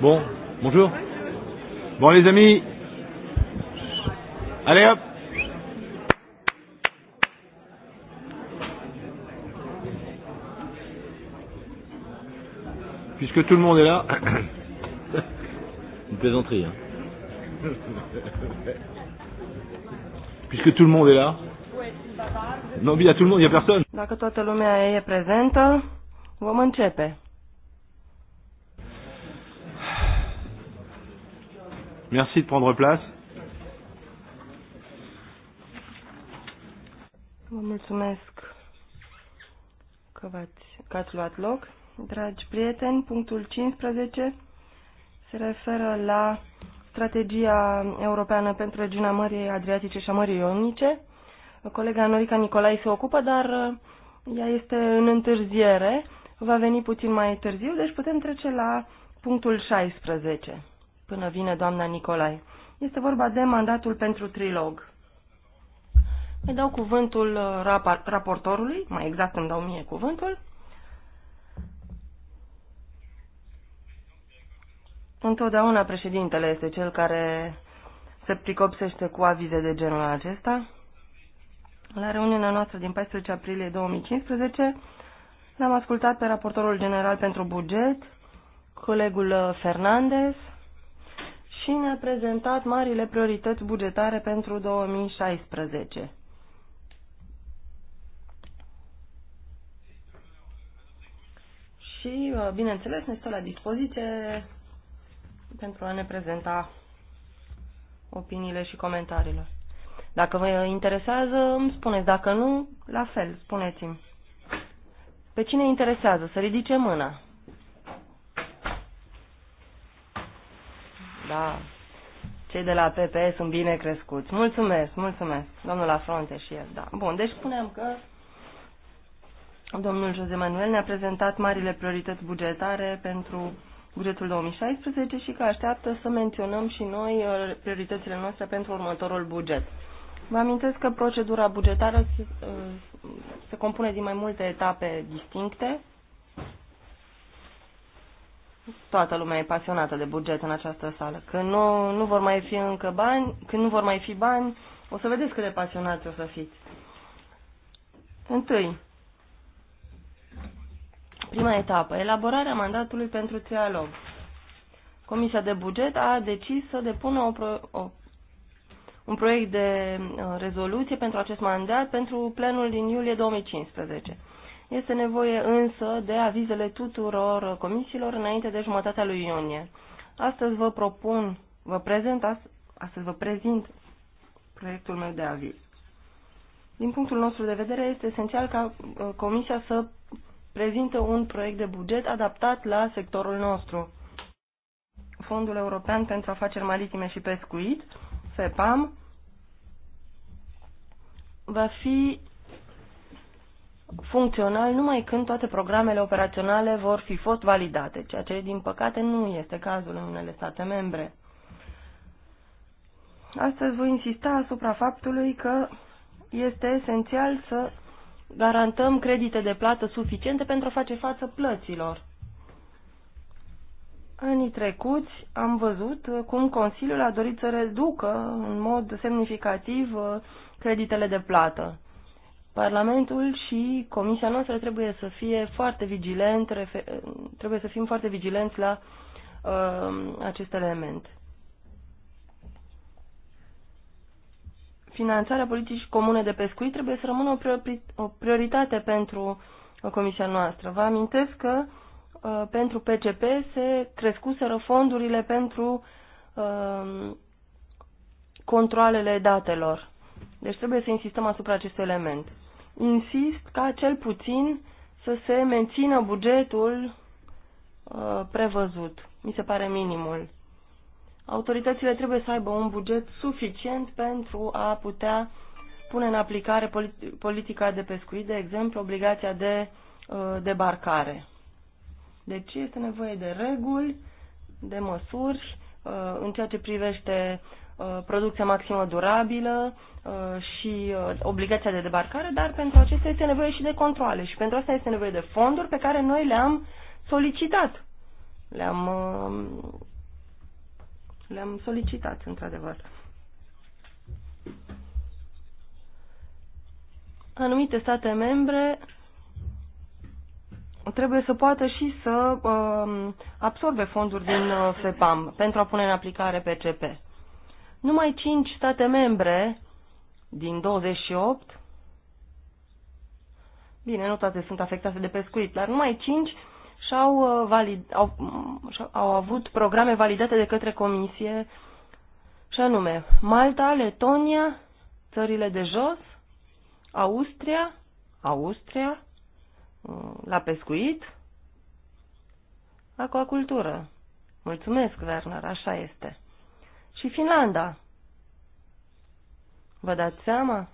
Bon, bonjour. Bon les amis, allez hop. Puisque tout le monde est là, une plaisanterie. Hein. Puisque tout le monde est là. Non, il y a tout le monde, il y a personne. Dacă toată lumea e prezentă, vom începe. Merci de prendre place. Vă mulțumesc că, că ați luat loc. Dragi prieteni, punctul 15 se referă la strategia europeană pentru regiunea Mării Adriatice și a Mării Ionice. Colega Norica Nicolai se ocupă, dar uh, ea este în întârziere. Va veni puțin mai târziu, deci putem trece la punctul 16 până vine doamna Nicolae. Este vorba de mandatul pentru trilog. Îi dau cuvântul uh, rap raportorului, mai exact îmi dau mie cuvântul. Întotdeauna președintele este cel care se pricopsește cu avize de genul acesta. La reuniunea noastră din 14 aprilie 2015 l-am ascultat pe raportorul general pentru buget, colegul uh, Fernandez, și ne-a prezentat marile priorități bugetare pentru 2016. Și, uh, bineînțeles, ne stă la dispoziție pentru a ne prezenta opiniile și comentariile. Dacă vă interesează, îmi spuneți. Dacă nu, la fel, spuneți-mi. Pe cine interesează? Să ridice mâna. Da. Cei de la PPE sunt bine crescuți. Mulțumesc, mulțumesc. Domnul Afronte și el, da. Bun, deci spuneam că domnul Jose Manuel ne-a prezentat marile priorități bugetare pentru bugetul 2016 și că așteaptă să menționăm și noi uh, prioritățile noastre pentru următorul buget. Vă amintesc că procedura bugetară se, uh, se compune din mai multe etape distincte toată lumea e pasionată de buget în această sală. Când nu, nu vor mai fi încă bani, când nu vor mai fi bani, o să vedeți cât de pasionați o să fiți. Întâi, prima etapă, elaborarea mandatului pentru trialog. Comisia de buget a decis să depună o, pro, o, un proiect de uh, rezoluție pentru acest mandat pentru plenul din iulie 2015. Este nevoie însă de avizele tuturor comisiilor înainte de jumătatea lui iunie. Astăzi vă propun, vă prezint, astăzi vă prezint proiectul meu de aviz. Din punctul nostru de vedere, este esențial ca uh, comisia să prezinte un proiect de buget adaptat la sectorul nostru. Fondul European pentru Afaceri Maritime și Pescuit, FEPAM, va fi funcțional numai când toate programele operaționale vor fi fost validate, ceea ce, din păcate, nu este cazul în unele state membre. Astăzi voi insista asupra faptului că este esențial să garantăm credite de plată suficiente pentru a face față plăților. Anii trecuți am văzut cum Consiliul a dorit să reducă în mod semnificativ uh, creditele de plată. Parlamentul și Comisia noastră trebuie să fie foarte vigilent, trebuie să fim foarte vigilenți la uh, acest element. Finanțarea politicii comune de pescuit trebuie să rămână o, priori, o prioritate pentru uh, Comisia noastră. Vă amintesc că uh, pentru PCP se crescuseră fondurile pentru uh, controlele datelor. Deci trebuie să insistăm asupra acestui element insist ca cel puțin să se mențină bugetul uh, prevăzut. Mi se pare minimul. Autoritățile trebuie să aibă un buget suficient pentru a putea pune în aplicare politica de pescuit, de exemplu, obligația de uh, debarcare. Deci este nevoie de reguli, de măsuri Uh, în ceea ce privește uh, producția maximă durabilă uh, și obligația de debarcare, dar pentru acestea este nevoie și de controle și pentru asta este nevoie de fonduri pe care noi le-am solicitat. Le-am le-am solicitat, într-adevăr. Anumite state membre trebuie să poată și să uh, absorbe fonduri din FEPAM uh, pentru a pune în aplicare PCP. Numai 5 state membre din 28, bine, nu toate sunt afectate de pescuit, dar numai 5 și-au, uh, valid, au, au avut programe validate de către Comisie, și anume Malta, Letonia, țările de jos, Austria, Austria, Uh, la pescuit, Acuacultură. Mulțumesc, Werner, așa este. Și Finlanda. Vă dați seama?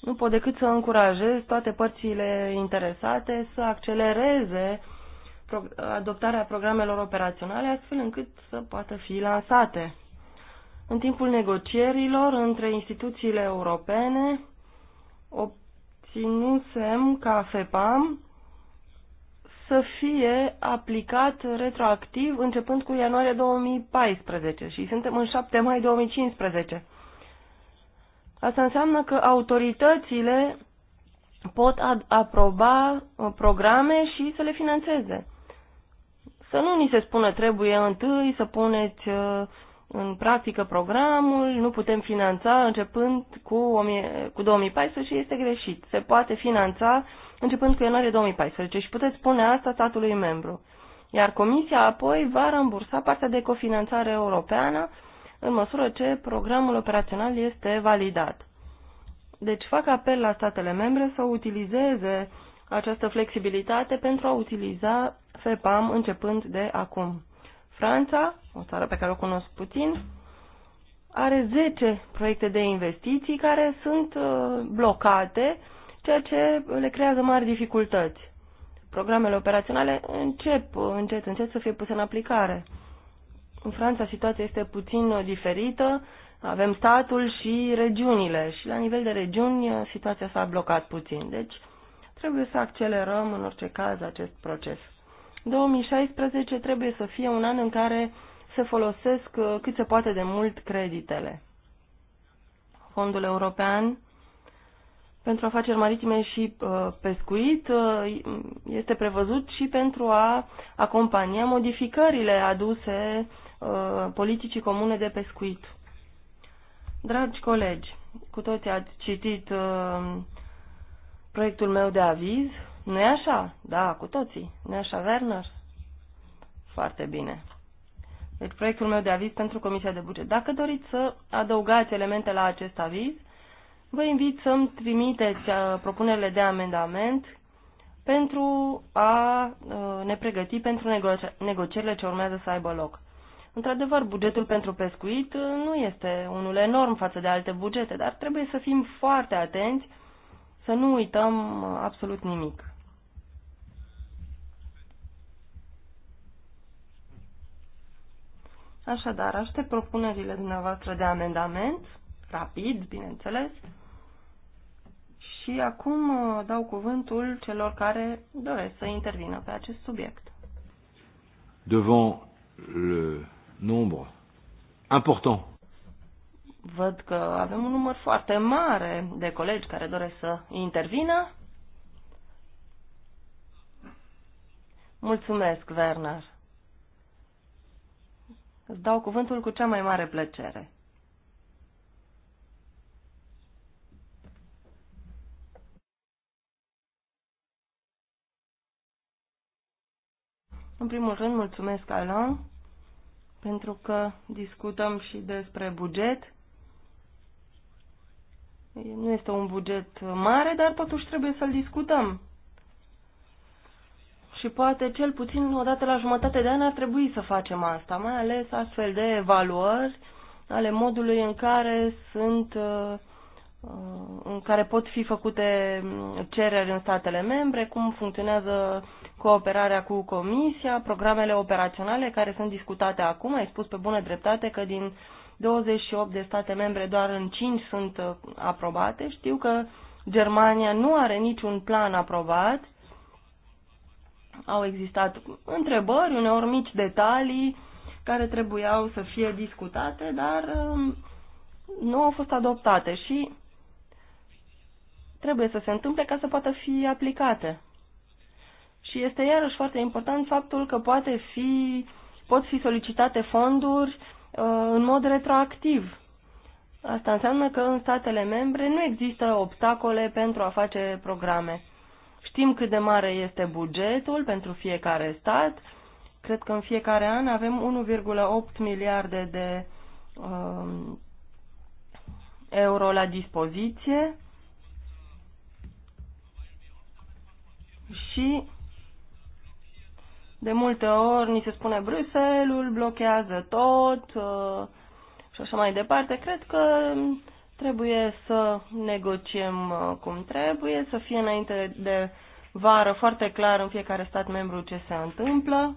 Nu pot decât să încurajez toate părțile interesate să accelereze adoptarea programelor operaționale astfel încât să poată fi lansate. În timpul negocierilor între instituțiile europene, o obținusem ca FEPAM să fie aplicat retroactiv începând cu ianuarie 2014 și suntem în 7 mai 2015. Asta înseamnă că autoritățile pot aproba uh, programe și să le financeze. Să nu ni se spună trebuie întâi să puneți uh, în practică programul, nu putem finanța începând cu, cu 2014 și este greșit. Se poate finanța începând cu ianuarie 2014 și puteți spune asta statului membru. Iar Comisia apoi va rambursa partea de cofinanțare europeană în măsură ce programul operațional este validat. Deci fac apel la statele membre să utilizeze această flexibilitate pentru a utiliza FEPAM începând de acum. Franța, o țară pe care o cunosc puțin, are 10 proiecte de investiții care sunt uh, blocate, ceea ce le creează mari dificultăți. Programele operaționale încep încet, încet să fie puse în aplicare. În Franța situația este puțin uh, diferită, avem statul și regiunile și la nivel de regiuni uh, situația s-a blocat puțin. Deci trebuie să accelerăm în orice caz acest proces. 2016 trebuie să fie un an în care se folosesc uh, cât se poate de mult creditele. Fondul European pentru afaceri maritime și uh, pescuit uh, este prevăzut și pentru a acompania modificările aduse politicii comune de pescuit. Dragi colegi, cu toții ați citit proiectul meu de aviz nu e așa? Da, cu toții. nu e așa, Werner? Foarte bine. Deci proiectul meu de aviz pentru Comisia de Buget. Dacă doriți să adăugați elemente la acest aviz, vă invit să-mi trimiteți uh, propunerile de amendament pentru a uh, ne pregăti pentru negoci negocierile ce urmează să aibă loc. Într-adevăr, bugetul pentru pescuit uh, nu este unul enorm față de alte bugete, dar trebuie să fim foarte atenți, să nu uităm absolut nimic. Așadar, aștept propunerile dumneavoastră de amendament, rapid, bineînțeles, și acum uh, dau cuvântul celor care doresc să intervină pe acest subiect. Devant le nombre important. Văd că avem un număr foarte mare de colegi care doresc să intervină. Mulțumesc, Werner. Îți dau cuvântul cu cea mai mare plăcere. În primul rând, mulțumesc, Alain, pentru că discutăm și despre buget. Nu este un buget mare, dar totuși trebuie să-l discutăm. Și poate cel puțin o dată la jumătate de an ar trebui să facem asta, mai ales astfel de evaluări ale modului în care sunt uh, uh, în care pot fi făcute mm, cereri în statele membre, cum funcționează cooperarea cu Comisia, programele operaționale care sunt discutate acum. Ai spus pe bună dreptate că din 28 de state membre doar în 5 sunt uh, aprobate. Știu că Germania nu are niciun plan aprobat au existat întrebări, uneori mici detalii care trebuiau să fie discutate, dar um, nu au fost adoptate și trebuie să se întâmple ca să poată fi aplicate. Și este iarăși foarte important faptul că poate fi, pot fi solicitate fonduri uh, în mod retroactiv. Asta înseamnă că în statele membre nu există obstacole pentru a face programe. Știm cât de mare este bugetul pentru fiecare stat. Cred că în fiecare an avem 1,8 miliarde de um, euro la dispoziție și de multe ori ni se spune Bruselul blochează tot uh, și așa mai departe. Cred că Trebuie să negociem uh, cum trebuie, să fie înainte de vară foarte clar în fiecare stat membru ce se întâmplă.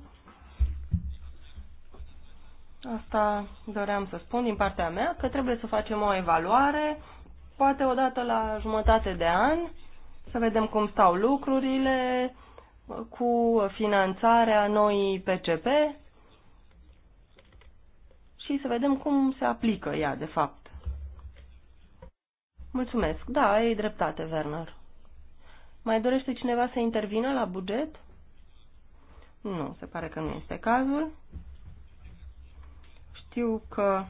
Asta doream să spun din partea mea, că trebuie să facem o evaluare, poate odată la jumătate de an, să vedem cum stau lucrurile cu finanțarea noii PCP și să vedem cum se aplică ea, de fapt. Mulțumesc. Da, ai dreptate, Werner. Mai dorește cineva să intervină la buget? Nu, se pare că nu este cazul. Știu că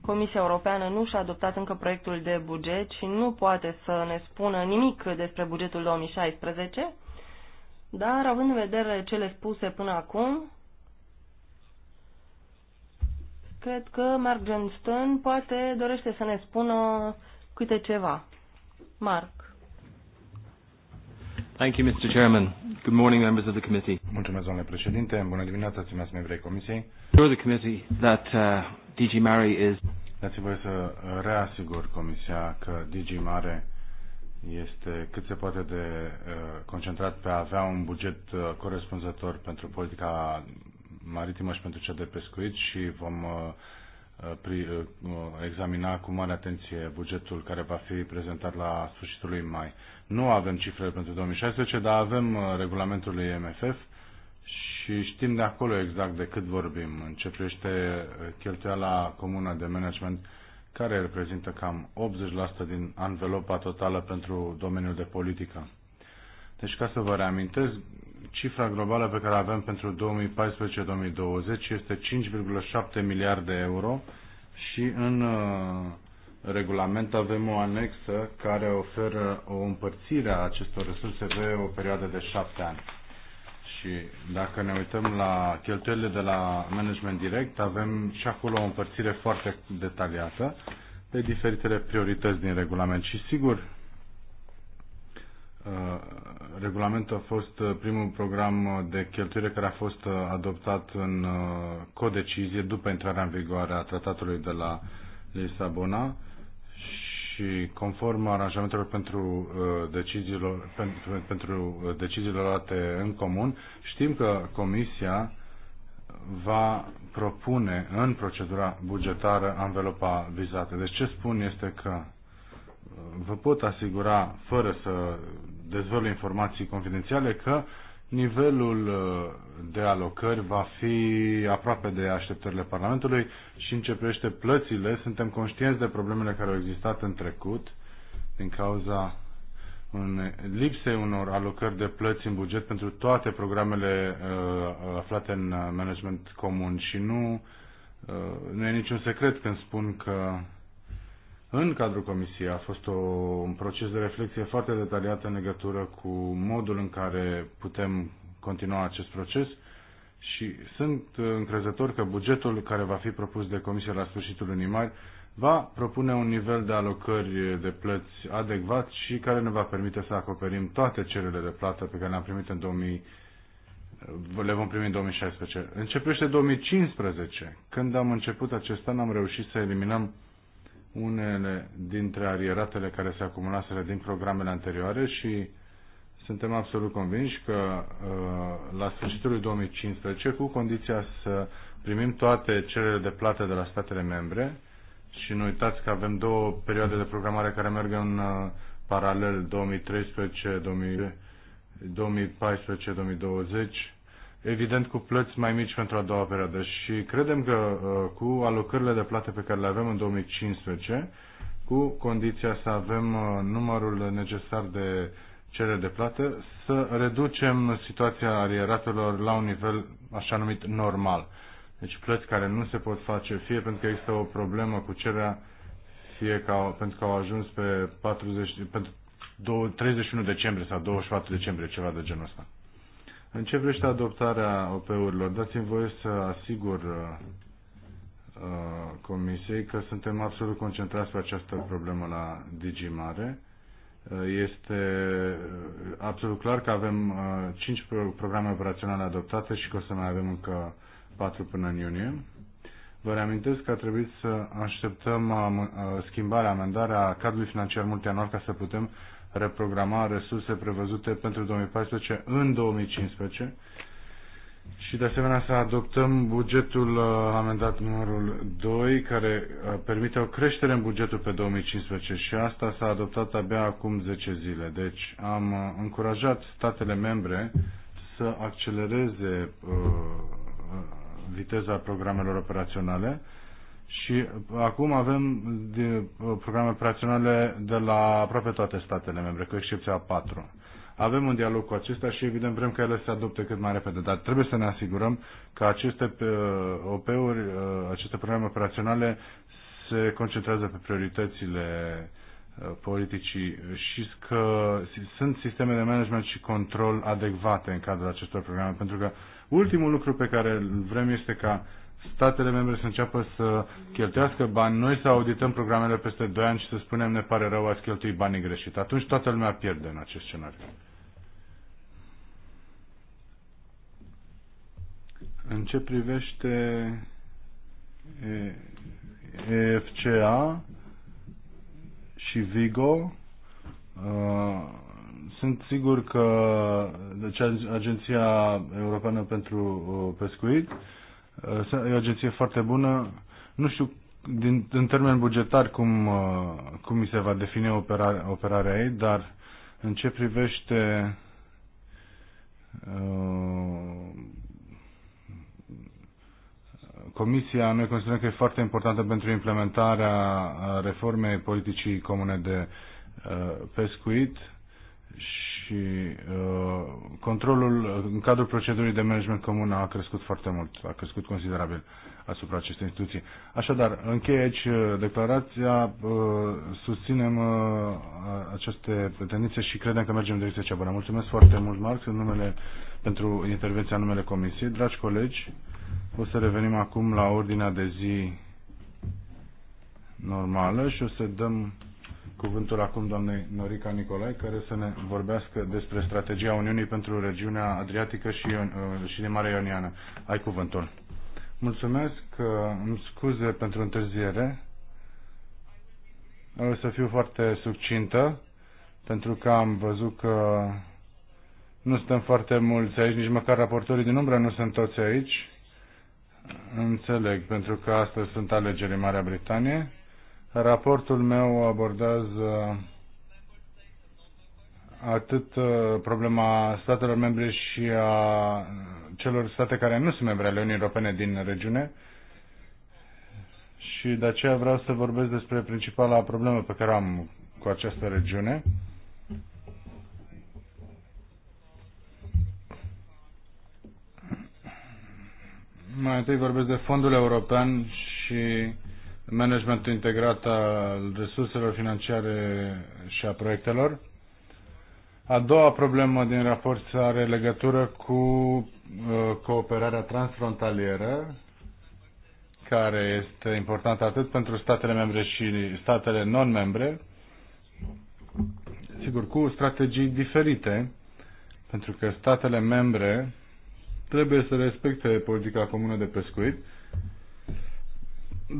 Comisia Europeană nu și-a adoptat încă proiectul de buget și nu poate să ne spună nimic despre bugetul 2016, dar având în vedere cele spuse până acum, cred că Mark Johnston poate dorește să ne spună câte ceva. Marc. Thank you, Mr. Chairman. Good morning, members of the committee. Mulțumesc, domnule președinte. Bună dimineața, stimați membrii comisiei. Sure the committee that uh, DG Mare is... Dați voi să reasigur comisia că DG Mare este cât se poate de uh, concentrat pe a avea un buget uh, corespunzător pentru politica maritimă și pentru cea de pescuit și vom uh, Uh, pri uh, uh, examina cu mare atenție bugetul care va fi prezentat la sfârșitul lui mai. Nu avem cifre pentru 2016, dar avem regulamentul MFF și știm de acolo exact de cât vorbim. În ce privește cheltuiala comună de management, care reprezintă cam 80% din anvelopa totală pentru domeniul de politică. Deci, ca să vă reamintesc, cifra globală pe care o avem pentru 2014-2020 este 5,7 miliarde euro și în uh, regulament avem o anexă care oferă o împărțire a acestor resurse pe o perioadă de șapte ani. Și dacă ne uităm la cheltuielile de la management direct, avem și acolo o împărțire foarte detaliată pe diferitele priorități din regulament. Și sigur, Uh, regulamentul a fost uh, primul program de cheltuire care a fost uh, adoptat în codecizie după intrarea în vigoare a tratatului de la Lisabona și conform aranjamentelor pentru deciziilor, pentru, pentru deciziilor luate în comun, știm că Comisia va propune în procedura bugetară anvelopa vizată. Deci ce spun este că vă pot asigura, fără să dezvăluie informații confidențiale că nivelul uh, de alocări va fi aproape de așteptările Parlamentului și începește plățile. Suntem conștienți de problemele care au existat în trecut din cauza în lipsei unor alocări de plăți în buget pentru toate programele uh, uh aflate în uh, management comun și nu, uh, nu e niciun secret când spun că în cadrul comisiei a fost o, un proces de reflexie foarte detaliat în legătură cu modul în care putem continua acest proces și sunt încrezător că bugetul care va fi propus de comisie la sfârșitul lunii mai va propune un nivel de alocări de plăți adecvat și care ne va permite să acoperim toate cererile de plată pe care le-am primit în 2000, le vom primi în 2016. Începește 2015. Când am început acest an am reușit să eliminăm unele dintre arieratele care se acumulaseră din programele anterioare și suntem absolut convinși că uh, la sfârșitul 2015, cu condiția să primim toate cererile de plată de la statele membre și nu uitați că avem două perioade de programare care merg în uh, paralel 2013-2014-2020 evident cu plăți mai mici pentru a doua perioadă și credem că uh, cu alocările de plate pe care le avem în 2015, cu condiția să avem uh, numărul necesar de cereri de plată, să reducem situația arieratelor la un nivel așa numit normal. Deci plăți care nu se pot face fie pentru că există o problemă cu cererea, fie că au, pentru că au ajuns pe 40, 2, 31 decembrie sau 24 decembrie, ceva de genul ăsta. În ce vrește adoptarea OP-urilor? Dați-mi voie să asigur uh, uh, Comisiei că suntem absolut concentrați pe această problemă la Digimare. Uh, este uh, absolut clar că avem 5 programe operaționale adoptate și că o să mai avem încă 4 până în iunie. Vă reamintesc că a trebuit să așteptăm schimbarea, amendarea cadrului financiar multianual ca să putem reprograma resurse prevăzute pentru 2014 în 2015 și de asemenea să adoptăm bugetul uh, amendat numărul 2 care uh, permite o creștere în bugetul pe 2015 și asta s-a adoptat abia acum 10 zile. Deci am uh, încurajat statele membre să accelereze viteza programelor operaționale și uh, acum avem de, uh, programe operaționale de la aproape toate statele membre, cu excepția a patru. Avem un dialog cu acestea și evident vrem că ele se adopte cât mai repede, dar trebuie să ne asigurăm că aceste uh, OP-uri, aceste programe operaționale se concentrează pe prioritățile politicii și că sunt sisteme de management și control adecvate în cadrul acestor programe, pentru că ultimul lucru pe care vrem este ca statele membre să înceapă să cheltuiască bani, noi să audităm programele peste 2 ani și să spunem ne pare rău, ați cheltuit banii greșit. Atunci toată lumea pierde în acest scenariu. În ce privește EFCA și Vigo, sunt sigur că deci Agenția Europeană pentru uh, Pescuit E o agenție foarte bună. Nu știu din, în termen bugetar cum, uh, cum mi se va defini operare, operarea ei, dar în ce privește uh, Comisia, noi considerăm că e foarte importantă pentru implementarea reformei politicii comune de uh, pescuit și uh, controlul în cadrul procedurii de management comun a crescut foarte mult, a crescut considerabil asupra acestei instituții. Așadar, încheie aici uh, declarația, uh, susținem uh, aceste tendințe și credem că mergem în direcția cea bună. Mulțumesc foarte mult, Marx, în numele, pentru intervenția în numele Comisiei. Dragi colegi, o să revenim acum la ordinea de zi normală și o să dăm cuvântul acum doamnei Norica Nicolai, care să ne vorbească despre strategia Uniunii pentru regiunea Adriatică și, uh, și de Marea Ioniană. Ai cuvântul. Mulțumesc, îmi scuze pentru întârziere. O să fiu foarte succintă, pentru că am văzut că nu suntem foarte mulți aici, nici măcar raportorii din umbră nu sunt toți aici. Înțeleg, pentru că astăzi sunt alegeri în Marea Britanie Raportul meu abordează atât uh, problema statelor membre și a celor state care nu sunt membre ale Uniunii Europene din regiune, și de aceea vreau să vorbesc despre principala problemă pe care am cu această regiune. Mai întâi vorbesc de fondul european și managementul integrat al resurselor financiare și a proiectelor. A doua problemă din raport are legătură cu uh, cooperarea transfrontalieră, care este importantă atât pentru statele membre și statele non-membre, sigur, cu strategii diferite, pentru că statele membre trebuie să respecte politica comună de pescuit,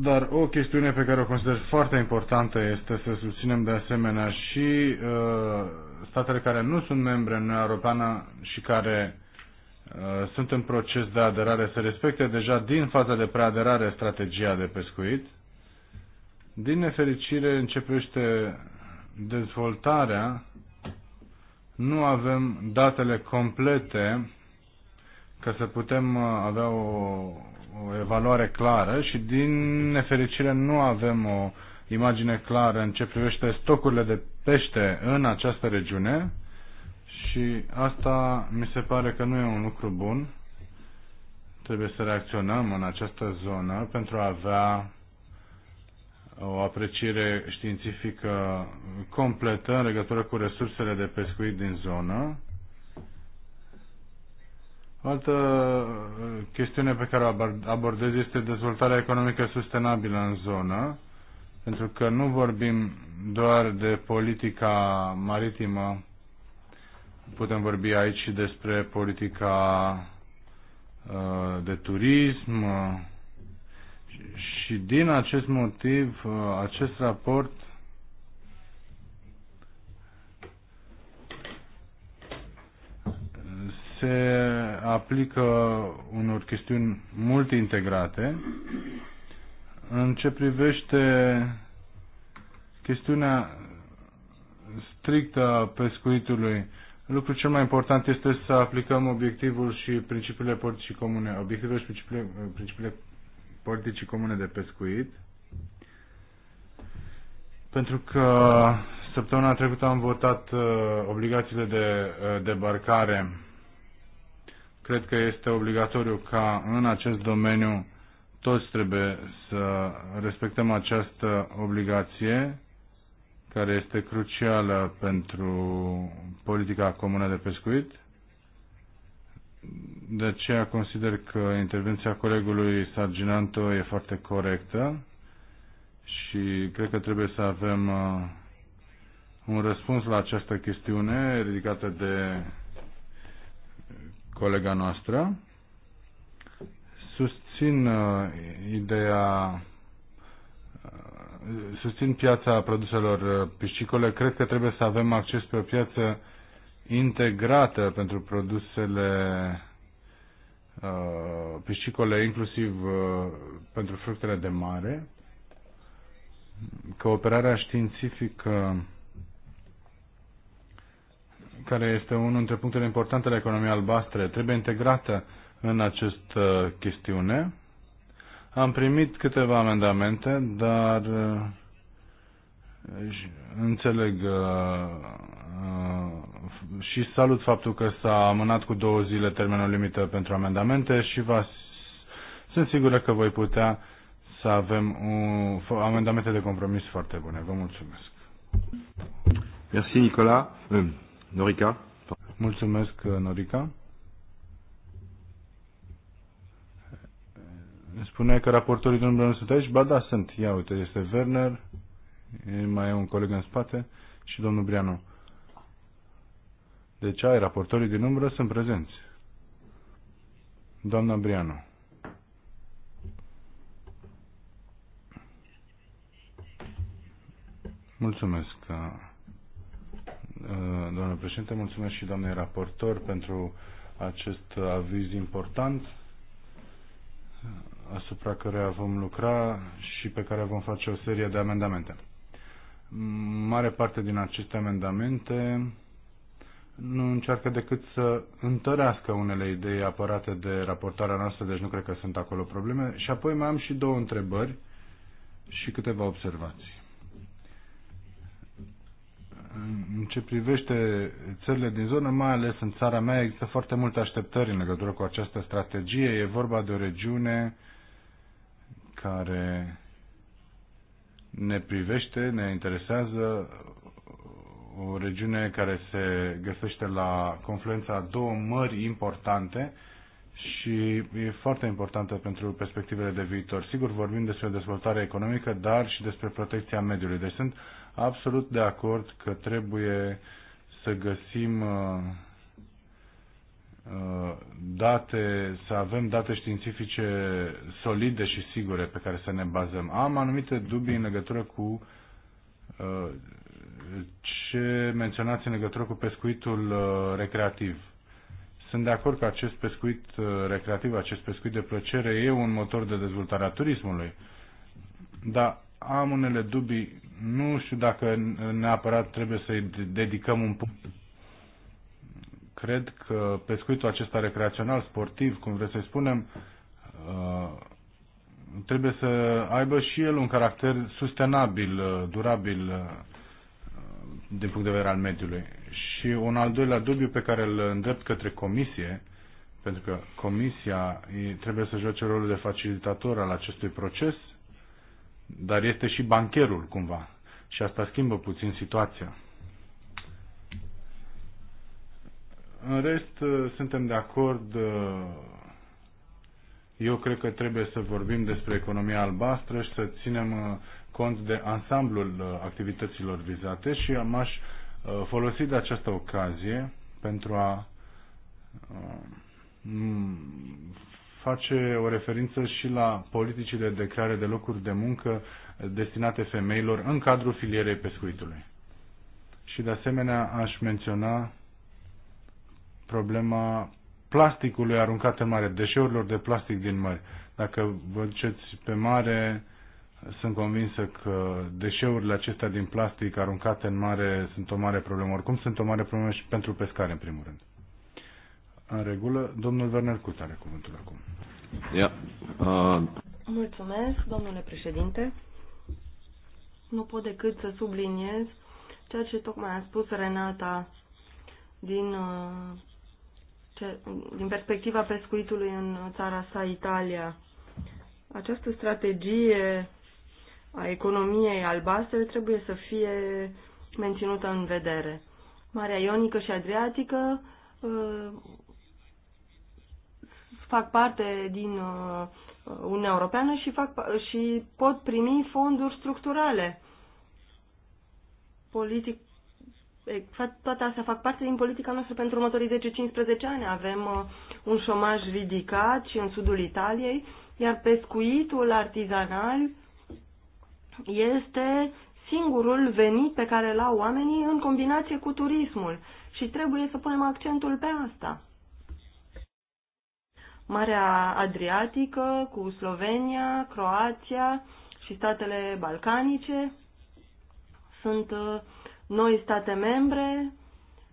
dar o chestiune pe care o consider foarte importantă este să susținem de asemenea și uh, statele care nu sunt membre în Uniunea Europeană și care uh, sunt în proces de aderare să respecte deja din faza de preaderare strategia de pescuit. Din nefericire începește dezvoltarea. Nu avem datele complete ca să putem uh, avea o o evaluare clară și din nefericire nu avem o imagine clară în ce privește stocurile de pește în această regiune și asta mi se pare că nu e un lucru bun. Trebuie să reacționăm în această zonă pentru a avea o apreciere științifică completă în legătură cu resursele de pescuit din zonă o altă uh, chestiune pe care o abordez este dezvoltarea economică sustenabilă în zonă, pentru că nu vorbim doar de politica maritimă, putem vorbi aici și despre politica uh, de turism uh, și din acest motiv acest raport se aplică unor chestiuni mult integrate. În ce privește chestiunea strictă a pescuitului, lucrul cel mai important este să aplicăm obiectivul și principiile politicii comune, obiectivul și principiile, principiile politicii comune de pescuit. Pentru că săptămâna trecută am votat uh, obligațiile de uh, debarcare Cred că este obligatoriu ca în acest domeniu toți trebuie să respectăm această obligație care este crucială pentru politica comună de pescuit. De aceea consider că intervenția colegului Sarginanto e foarte corectă și cred că trebuie să avem uh, un răspuns la această chestiune ridicată de colega noastră. Susțin uh, ideea uh, susțin piața produselor uh, piscicole. Cred că trebuie să avem acces pe o piață integrată pentru produsele uh, piscicole, inclusiv uh, pentru fructele de mare. Cooperarea științifică care este unul dintre punctele importante ale economiei albastre, trebuie integrată în această chestiune. Am primit câteva amendamente, dar eh, înțeleg eh, eh, și salut faptul că s-a amânat cu două zile termenul limită pentru amendamente și sunt sigură că voi putea să avem un, amendamente de compromis foarte bune. Vă mulțumesc. Merci, Nicola. Euh, Norica. Mulțumesc, uh, Norica. Spune că raportorii din nu sunt aici. Ba da, sunt. Ia uite, este Werner, mai e un coleg în spate și domnul Brianu. Deci ai raportorii din umbră sunt prezenți. Doamna Brianu. Mulțumesc. Uh, Uh, domnule președinte, mulțumesc și doamnei raportor pentru acest aviz important uh, asupra căreia vom lucra și pe care vom face o serie de amendamente. Mare parte din aceste amendamente nu încearcă decât să întărească unele idei apărate de raportarea noastră, deci nu cred că sunt acolo probleme. Și apoi mai am și două întrebări și câteva observații. În ce privește țările din zonă, mai ales în țara mea, există foarte multe așteptări în legătură cu această strategie. E vorba de o regiune care ne privește, ne interesează, o regiune care se găsește la confluența două mări importante și e foarte importantă pentru perspectivele de viitor. Sigur, vorbim despre dezvoltare economică, dar și despre protecția mediului. Deci sunt absolut de acord că trebuie să găsim uh, uh, date, să avem date științifice solide și sigure pe care să ne bazăm. Am anumite dubii în legătură cu uh, ce menționați în legătură cu pescuitul recreativ. Sunt de acord că acest pescuit recreativ, acest pescuit de plăcere e un motor de dezvoltare a turismului, dar am unele dubii. Nu știu dacă neapărat trebuie să-i dedicăm un punct. Cred că pescuitul acesta recreațional, sportiv, cum vreți să-i spunem, uh, trebuie să aibă și el un caracter sustenabil, uh, durabil uh, din punct de vedere al mediului. Și un al doilea dubiu pe care îl îndrept către comisie, pentru că comisia trebuie să joace rolul de facilitator al acestui proces dar este și bancherul cumva. Și asta schimbă puțin situația. În rest, uh, suntem de acord. Uh, eu cred că trebuie să vorbim despre economia albastră și să ținem uh, cont de ansamblul activităților vizate și am aș folosi de această ocazie pentru a face o referință și la politicile de creare de locuri de muncă destinate femeilor în cadrul filierei pescuitului. Și de asemenea aș menționa problema plasticului aruncat în mare, deșeurilor de plastic din mări. Dacă vă duceți pe mare, sunt convinsă că deșeurile acestea din plastic aruncate în mare sunt o mare problemă. Oricum sunt o mare problemă și pentru pescare, în primul rând. În regulă, domnul Werner Cut are cuvântul acum. Yeah. Uh... Mulțumesc, domnule președinte. Nu pot decât să subliniez ceea ce tocmai a spus Renata din, uh, ce, din perspectiva pescuitului în țara sa, Italia. Această strategie a economiei albastre trebuie să fie menținută în vedere. Marea Ionică și Adriatică uh, fac parte din uh, Uniunea Europeană și, fac, și pot primi fonduri structurale. Politic, toate astea fac parte din politica noastră pentru următorii 10-15 ani. Avem uh, un șomaj ridicat și în sudul Italiei, iar pescuitul artizanal este singurul venit pe care l-au oamenii în combinație cu turismul și trebuie să punem accentul pe asta. Marea Adriatică cu Slovenia, Croația și statele balcanice. Sunt uh, noi state membre,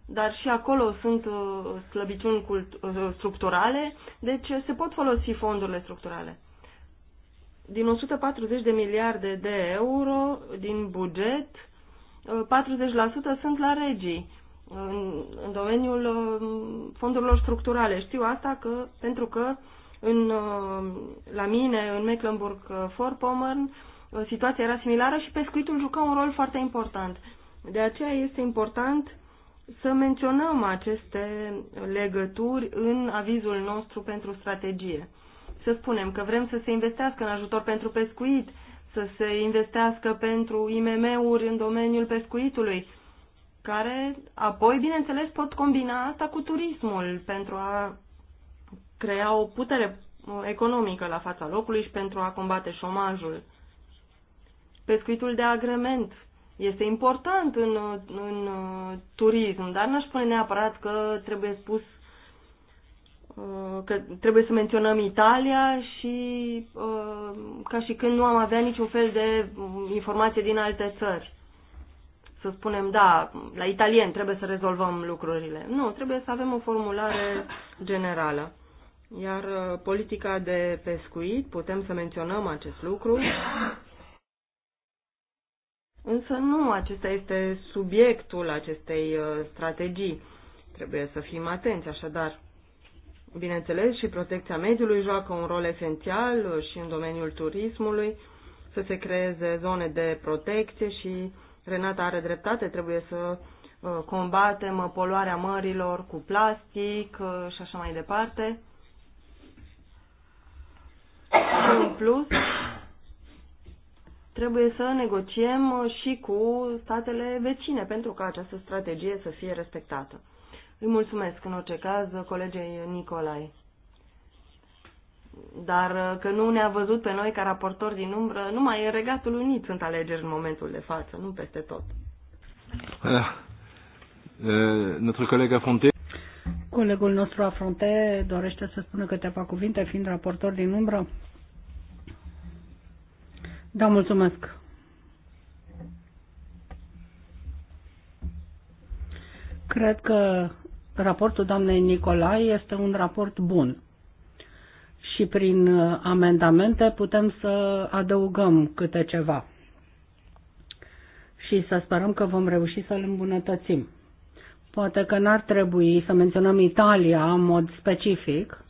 dar și acolo sunt uh, slăbiciuni uh, structurale, deci se pot folosi fondurile structurale. Din 140 de miliarde de euro din buget, 40% sunt la regii în, în domeniul uh, fondurilor structurale. Știu asta că, pentru că în, uh, la mine, în Mecklenburg-Vorpommern, uh, situația era similară și pescuitul juca un rol foarte important. De aceea este important să menționăm aceste legături în avizul nostru pentru strategie. Să spunem că vrem să se investească în ajutor pentru pescuit, să se investească pentru IMM-uri în domeniul pescuitului, care apoi, bineînțeles, pot combina asta cu turismul pentru a crea o putere uh, economică la fața locului și pentru a combate șomajul. Pescuitul de agrement este important în, în uh, turism, dar n-aș spune neapărat că trebuie spus uh, că trebuie să menționăm Italia și ca și când nu am avea niciun fel de informație din alte țări să spunem, da, la italien trebuie să rezolvăm lucrurile. Nu, trebuie să avem o formulare generală. Iar uh, politica de pescuit, putem să menționăm acest lucru, însă nu acesta este subiectul acestei uh, strategii. Trebuie să fim atenți, așadar. Bineînțeles, și protecția mediului joacă un rol esențial și în domeniul turismului, să se creeze zone de protecție și Renata are dreptate, trebuie să uh, combatem poluarea mărilor cu plastic uh, și așa mai departe. În plus, trebuie să negociem și cu statele vecine pentru ca această strategie să fie respectată. Îi mulțumesc în orice caz colegei Nicolai dar uh, că nu ne-a văzut pe noi ca raportori din umbră, numai în Regatul Unit sunt alegeri în momentul de față, nu peste tot. Voilà. Uh, notre coleg Afonte. Colegul nostru Afronte dorește să spună câteva cuvinte, fiind raportor din umbră. Da, mulțumesc. Cred că raportul doamnei Nicolai este un raport bun și prin uh, amendamente putem să adăugăm câte ceva și să sperăm că vom reuși să-l îmbunătățim. Poate că n-ar trebui să menționăm Italia în mod specific.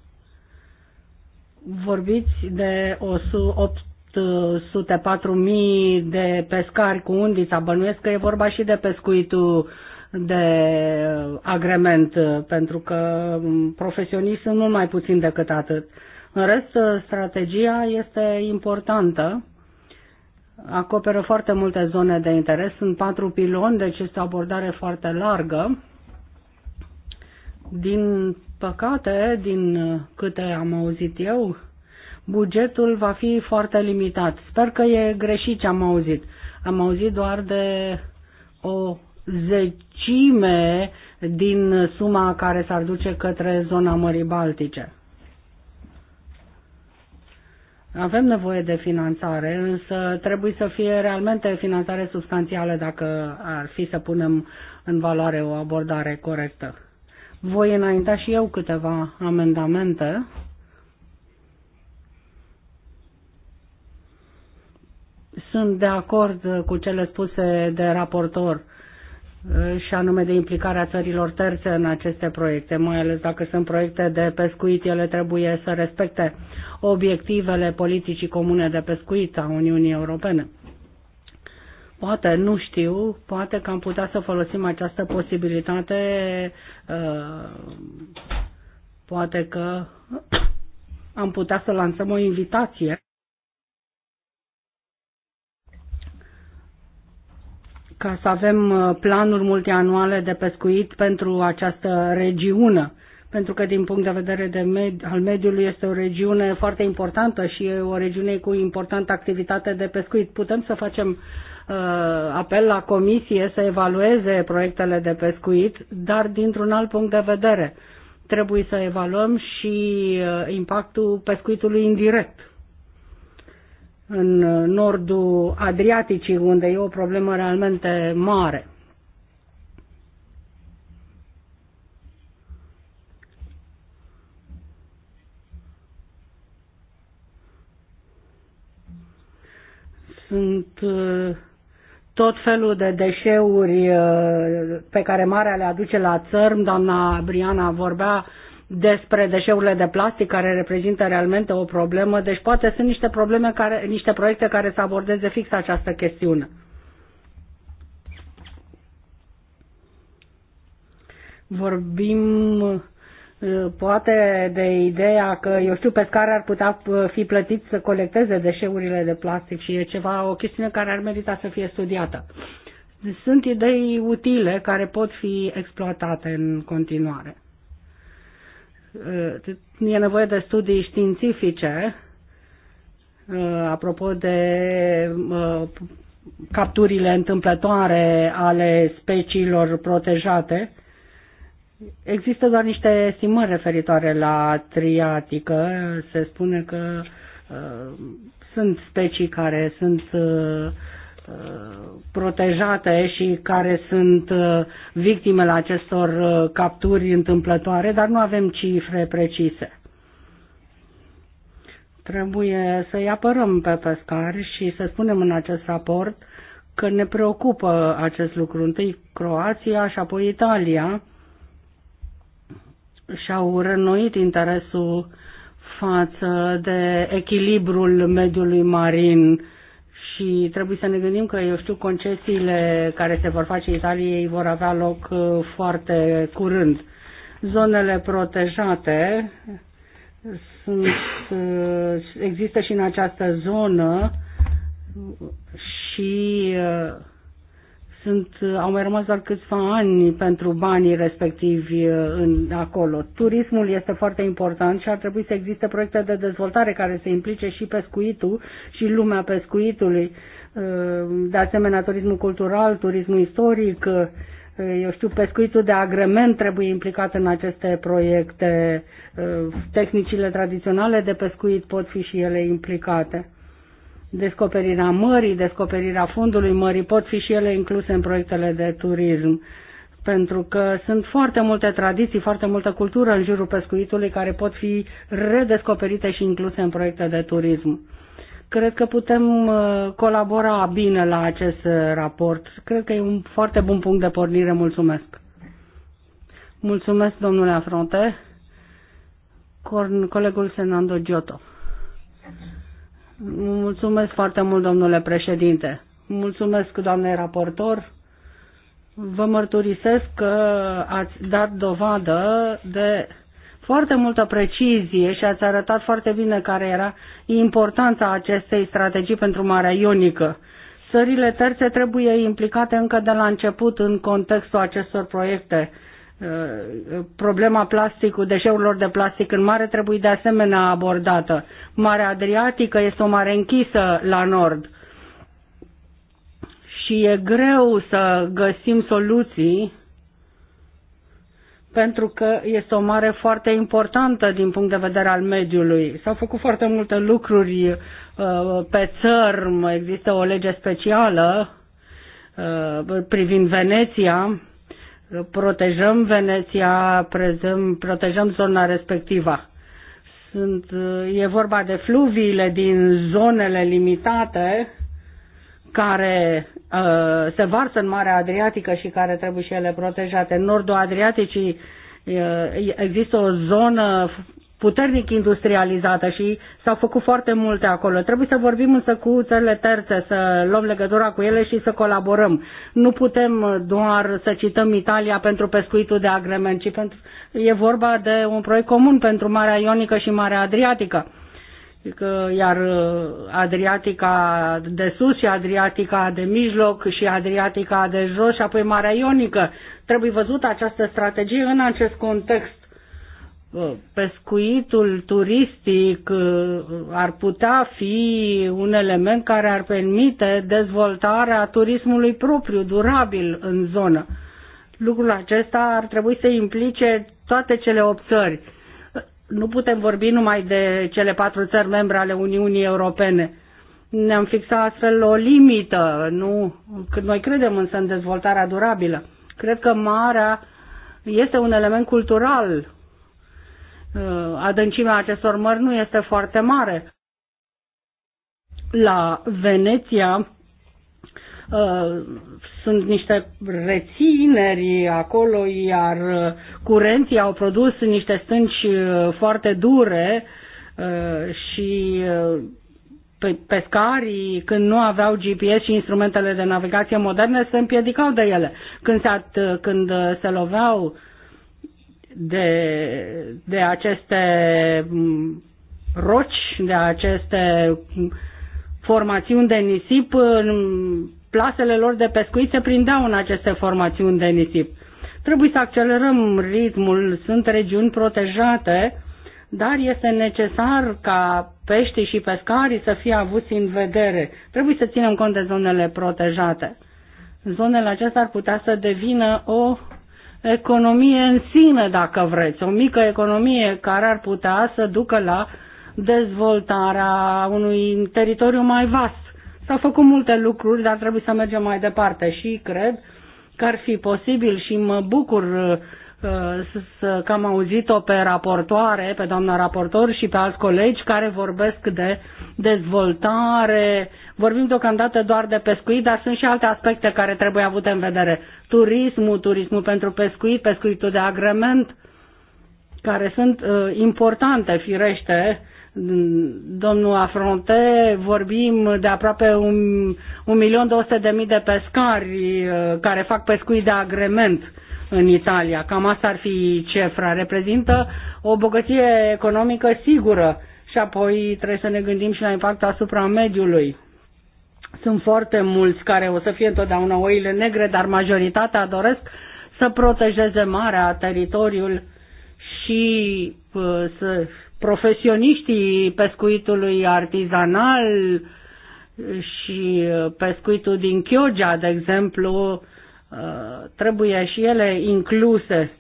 Vorbiți de 804.000 de pescari cu undița. Bănuiesc că e vorba și de pescuitul de agrement, pentru că profesioniști sunt mult mai puțin decât atât. În rest, strategia este importantă, acoperă foarte multe zone de interes, sunt patru piloni, deci este o abordare foarte largă. Din păcate, din câte am auzit eu, bugetul va fi foarte limitat. Sper că e greșit ce am auzit. Am auzit doar de o zecime din suma care s-ar duce către zona Mării Baltice. Avem nevoie de finanțare, însă trebuie să fie realmente finanțare substanțială dacă ar fi să punem în valoare o abordare corectă. Voi înainta și eu câteva amendamente sunt de acord cu cele spuse de raportor. Uh, și anume de implicarea țărilor terțe în aceste proiecte, mai ales dacă sunt proiecte de pescuit, ele trebuie să respecte obiectivele politicii comune de pescuit a Uniunii Europene. Poate, nu știu, poate că am putea să folosim această posibilitate, uh, poate că am putea să lansăm o invitație ca să avem uh, planuri multianuale de pescuit pentru această regiune, pentru că din punct de vedere de med- al mediului este o regiune foarte importantă și e o regiune cu importantă activitate de pescuit. Putem să facem uh, apel la comisie să evalueze proiectele de pescuit, dar dintr-un alt punct de vedere. Trebuie să evaluăm și uh, impactul pescuitului indirect în uh, nordul Adriaticii, unde e o problemă realmente mare. Sunt uh, tot felul de deșeuri uh, pe care marea le aduce la țărm. Doamna Briana vorbea despre deșeurile de plastic care reprezintă realmente o problemă, deci poate sunt niște probleme care, niște proiecte care să abordeze fix această chestiune. Vorbim uh, poate de ideea că, eu știu, pescarea ar putea uh, fi plătit să colecteze deșeurile de plastic și e ceva, o chestiune care ar merita să fie studiată. Sunt idei utile care pot fi exploatate în continuare e nevoie de studii științifice uh, apropo de uh, capturile întâmplătoare ale speciilor protejate. Există doar niște estimări referitoare la triatică. Se spune că uh, sunt specii care sunt uh, protejate și care sunt uh, victimele acestor uh, capturi întâmplătoare, dar nu avem cifre precise. Trebuie să-i apărăm pe pescari și să spunem în acest raport că ne preocupă acest lucru. Întâi Croația și apoi Italia și-au rănuit interesul față de echilibrul mediului marin și trebuie să ne gândim că, eu știu, concesiile care se vor face Italiei vor avea loc uh, foarte curând. Zonele protejate sunt, uh, există și în această zonă și uh, sunt, au mai rămas doar câțiva ani pentru banii respectivi uh, în, acolo. Turismul este foarte important și ar trebui să existe proiecte de dezvoltare care să implice și pescuitul și lumea pescuitului, uh, de asemenea turismul cultural, turismul istoric, uh, eu știu, pescuitul de agrement trebuie implicat în aceste proiecte, tehnicile tradiționale de pescuit pot fi și ele implicate descoperirea mării, descoperirea fundului mării, pot fi și ele incluse în proiectele de turism, pentru că sunt foarte multe tradiții, foarte multă cultură în jurul pescuitului care pot fi redescoperite și incluse în proiecte de turism. Cred că putem uh, colabora bine la acest uh, raport. Cred că e un foarte bun punct de pornire. Mulțumesc. Mulțumesc, domnule Afronte. Colegul Senando Giotto. Mulțumesc foarte mult, domnule președinte. Mulțumesc, doamne raportor. Vă mărturisesc că ați dat dovadă de foarte multă precizie și ați arătat foarte bine care era importanța acestei strategii pentru Marea Ionică. Sările terțe trebuie implicate încă de la început în contextul acestor proiecte Uh, problema plasticului, deșeurilor de plastic în mare trebuie de asemenea abordată. Marea Adriatică este o mare închisă la nord și e greu să găsim soluții pentru că este o mare foarte importantă din punct de vedere al mediului. S-au făcut foarte multe lucruri uh, pe țărm, există o lege specială uh, privind Veneția, protejăm Veneția, prezăm, protejăm zona respectivă. Sunt, e vorba de fluviile din zonele limitate care uh, se varsă în Marea Adriatică și care trebuie și ele protejate. În nordul Adriaticii uh, există o zonă puternic industrializată și s-au făcut foarte multe acolo. Trebuie să vorbim însă cu țările terțe, să luăm legătura cu ele și să colaborăm. Nu putem doar să cităm Italia pentru pescuitul de agrement, ci pentru, e vorba de un proiect comun pentru Marea Ionică și Marea Adriatică. Iar uh, Adriatica de sus și Adriatica de mijloc și Adriatica de jos și apoi Marea Ionică. Trebuie văzută această strategie în acest context pescuitul turistic uh, ar putea fi un element care ar permite dezvoltarea turismului propriu, durabil în zonă. Lucrul acesta ar trebui să implice toate cele opt țări. Nu putem vorbi numai de cele patru țări membre ale Uniunii Europene. Ne-am fixat astfel o limită, nu, Când noi credem însă în dezvoltarea durabilă. Cred că marea este un element cultural Uh, adâncimea acestor mări nu este foarte mare. La Veneția uh, sunt niște rețineri acolo, iar uh, curenții au produs niște stânci foarte dure și pescarii, când nu aveau GPS și instrumentele de navigație moderne, se împiedicau de ele. Când se, at- când se loveau de, de aceste mm, roci, de aceste formațiuni de nisip, plasele lor de pescuit se prindeau în aceste formațiuni de nisip. Trebuie să accelerăm ritmul, sunt regiuni protejate, dar este necesar ca peștii și pescarii să fie avuți în vedere. Trebuie să ținem cont de zonele protejate. Zonele acestea ar putea să devină o economie în sine, dacă vreți, o mică economie care ar putea să ducă la dezvoltarea unui teritoriu mai vast. S-au făcut multe lucruri, dar trebuie să mergem mai departe și cred că ar fi posibil și mă bucur uh, că am auzit-o pe raportoare, pe doamna raportor și pe alți colegi care vorbesc de dezvoltare. Vorbim deocamdată doar de pescuit, dar sunt și alte aspecte care trebuie avute în vedere. Turismul, turismul pentru pescuit, pescuitul de agrement, care sunt uh, importante, firește, domnul Afronte, vorbim de aproape un, 1.200.000 de pescari uh, care fac pescuit de agrement în Italia. Cam asta ar fi cifra. Reprezintă o bogăție economică sigură și apoi trebuie să ne gândim și la impactul asupra mediului. Sunt foarte mulți care o să fie întotdeauna oile negre, dar majoritatea doresc să protejeze marea, teritoriul și uh, să, profesioniștii pescuitului artizanal și uh, pescuitul din Chioggia, de exemplu, uh, trebuie și ele incluse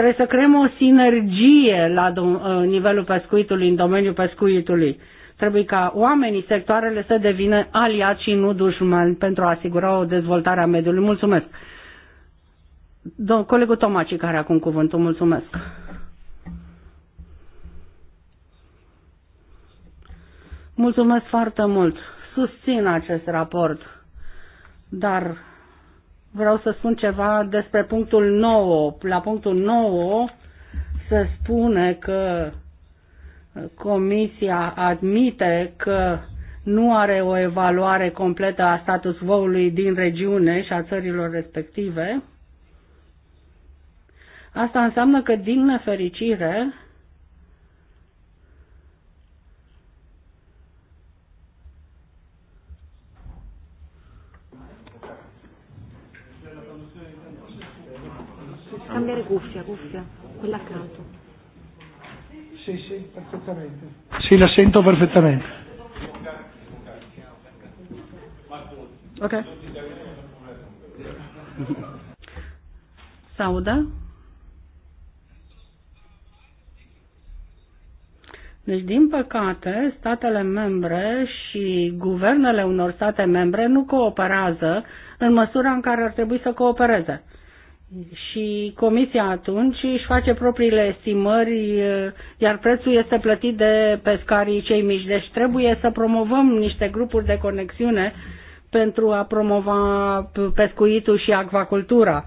Trebuie să creăm o sinergie la uh, nivelul pescuitului, în domeniul pescuitului. Trebuie ca oamenii, sectoarele să devină aliați și nu dușmani pentru a asigura o dezvoltare a mediului. Mulțumesc! Domn, colegul Tomaci care acum cuvântul, mulțumesc. Mulțumesc foarte mult. Susțin acest raport, dar vreau să spun ceva despre punctul 9. La punctul 9 se spune că Comisia admite că nu are o evaluare completă a status quo-ului din regiune și a țărilor respective. Asta înseamnă că, din nefericire, cuffia, cuffia, quella accanto. Sì, sì, perfettamente. Sì, la sento perfettamente. Ok. Sauda. Deci, din păcate, statele membre și guvernele unor state membre nu cooperează în măsura în care ar trebui să coopereze și comisia atunci își face propriile estimări, iar prețul este plătit de pescarii cei mici. Deci trebuie să promovăm niște grupuri de conexiune pentru a promova pescuitul și acvacultura.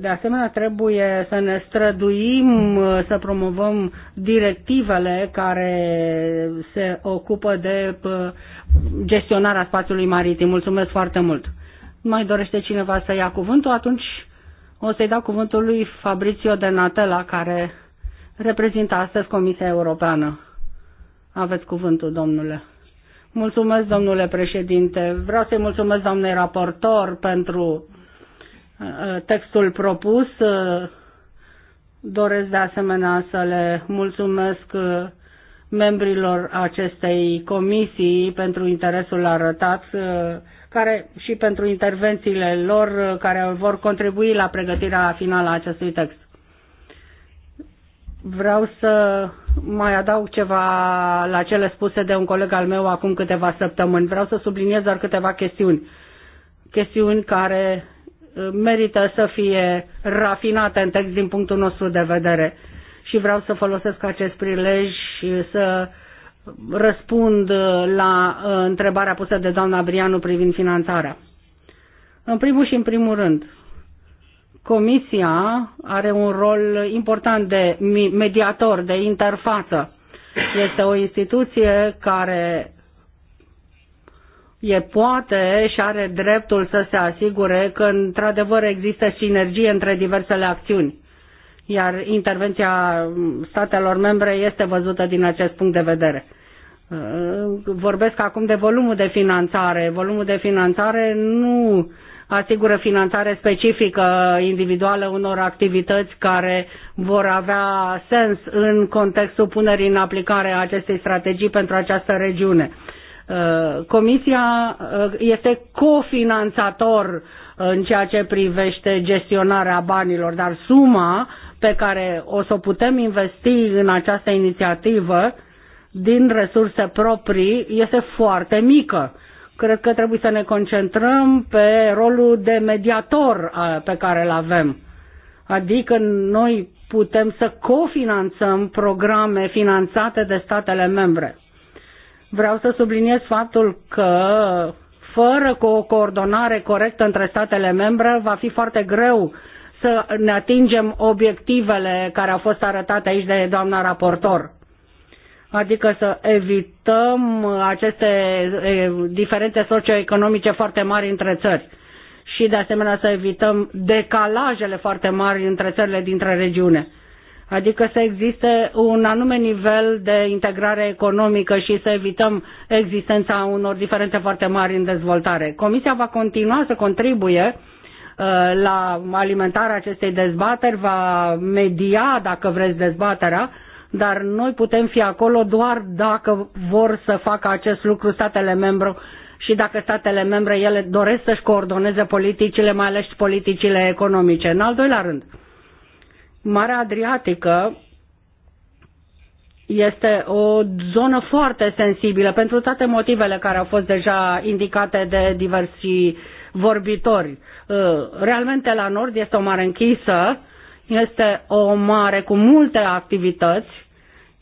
De asemenea, trebuie să ne străduim să promovăm directivele care se ocupă de gestionarea spațiului maritim. Mulțumesc foarte mult! mai dorește cineva să ia cuvântul, atunci o să-i dau cuvântul lui Fabrizio de Natella, care reprezintă astăzi Comisia Europeană. Aveți cuvântul, domnule. Mulțumesc, domnule președinte. Vreau să-i mulțumesc, doamnei raportor, pentru uh, textul propus. Doresc de asemenea să le mulțumesc uh, membrilor acestei comisii pentru interesul arătat uh, care și pentru intervențiile lor uh, care vor contribui la pregătirea finală a acestui text. Vreau să mai adaug ceva la cele spuse de un coleg al meu acum câteva săptămâni. Vreau să subliniez doar câteva chestiuni. Chestiuni care uh, merită să fie rafinate în text din punctul nostru de vedere. Și vreau să folosesc acest prilej să răspund uh, la uh, întrebarea pusă de doamna Brianu privind finanțarea. În primul și în primul rând, Comisia are un rol important de mediator, de interfață. Este o instituție care e poate și are dreptul să se asigure că într-adevăr există sinergie între diversele acțiuni iar intervenția statelor membre este văzută din acest punct de vedere. Uh, vorbesc acum de volumul de finanțare. Volumul de finanțare nu asigură finanțare specifică individuală unor activități care vor avea sens în contextul punerii în aplicare a acestei strategii pentru această regiune. Uh, comisia uh, este cofinanțator în ceea ce privește gestionarea banilor, dar suma pe care o să o putem investi în această inițiativă din resurse proprii este foarte mică. Cred că trebuie să ne concentrăm pe rolul de mediator pe care îl avem. Adică noi putem să cofinanțăm programe finanțate de statele membre. Vreau să subliniez faptul că fără cu o coordonare corectă între statele membre va fi foarte greu să ne atingem obiectivele care au fost arătate aici de doamna raportor. Adică să evităm aceste diferențe socioeconomice foarte mari între țări și de asemenea să evităm decalajele foarte mari între țările dintre regiune. Adică să existe un anume nivel de integrare economică și să evităm existența unor diferențe foarte mari în dezvoltare. Comisia va continua să contribuie Uh, la alimentarea acestei dezbateri, va media, dacă vreți, dezbaterea, dar noi putem fi acolo doar dacă vor să facă acest lucru statele membre și dacă statele membre ele doresc să-și coordoneze politicile, mai ales politicile economice. În al doilea rând, Marea Adriatică este o zonă foarte sensibilă pentru toate motivele care au fost deja indicate de diversi vorbitori. Uh, realmente la nord este o mare închisă, este o mare cu multe activități,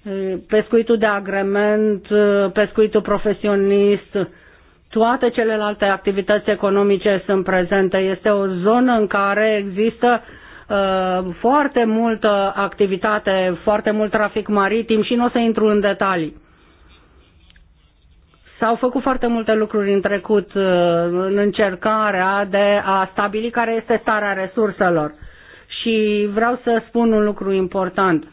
uh, pescuitul de agrement, uh, pescuitul profesionist, toate celelalte activități economice sunt prezente. Este o zonă în care există uh, foarte multă activitate, foarte mult trafic maritim și nu o să intru în detalii. S-au făcut foarte multe lucruri în trecut uh, în încercarea de a stabili care este starea resurselor. Și vreau să spun un lucru important.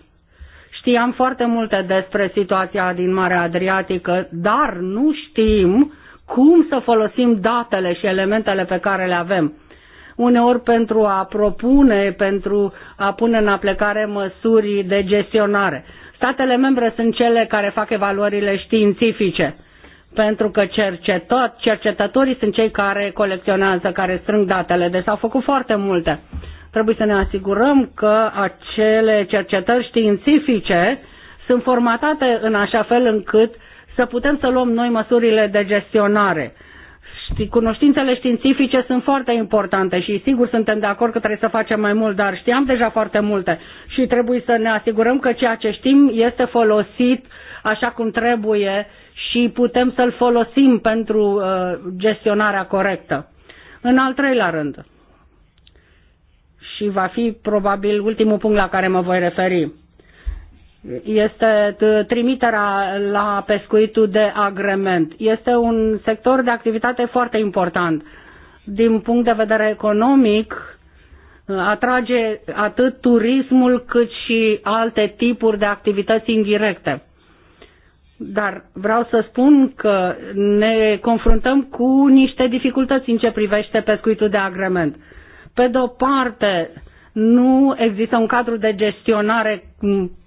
Știam foarte multe despre situația din Marea Adriatică, dar nu știm cum să folosim datele și elementele pe care le avem. Uneori pentru a propune, pentru a pune în aplicare măsuri de gestionare. Statele membre sunt cele care fac evaluările științifice pentru că cercetat, cercetătorii sunt cei care colecționează, care strâng datele, deci s-au făcut foarte multe. Trebuie să ne asigurăm că acele cercetări științifice sunt formatate în așa fel încât să putem să luăm noi măsurile de gestionare. Cunoștințele științifice sunt foarte importante și sigur suntem de acord că trebuie să facem mai mult, dar știam deja foarte multe și trebuie să ne asigurăm că ceea ce știm este folosit așa cum trebuie și putem să-l folosim pentru uh, gestionarea corectă. În al treilea rând, și va fi probabil ultimul punct la care mă voi referi, este trimiterea la pescuitul de agrement. Este un sector de activitate foarte important. Din punct de vedere economic, atrage atât turismul cât și alte tipuri de activități indirecte. Dar vreau să spun că ne confruntăm cu niște dificultăți în ce privește pescuitul de agrement. Pe de o parte, nu există un cadru de gestionare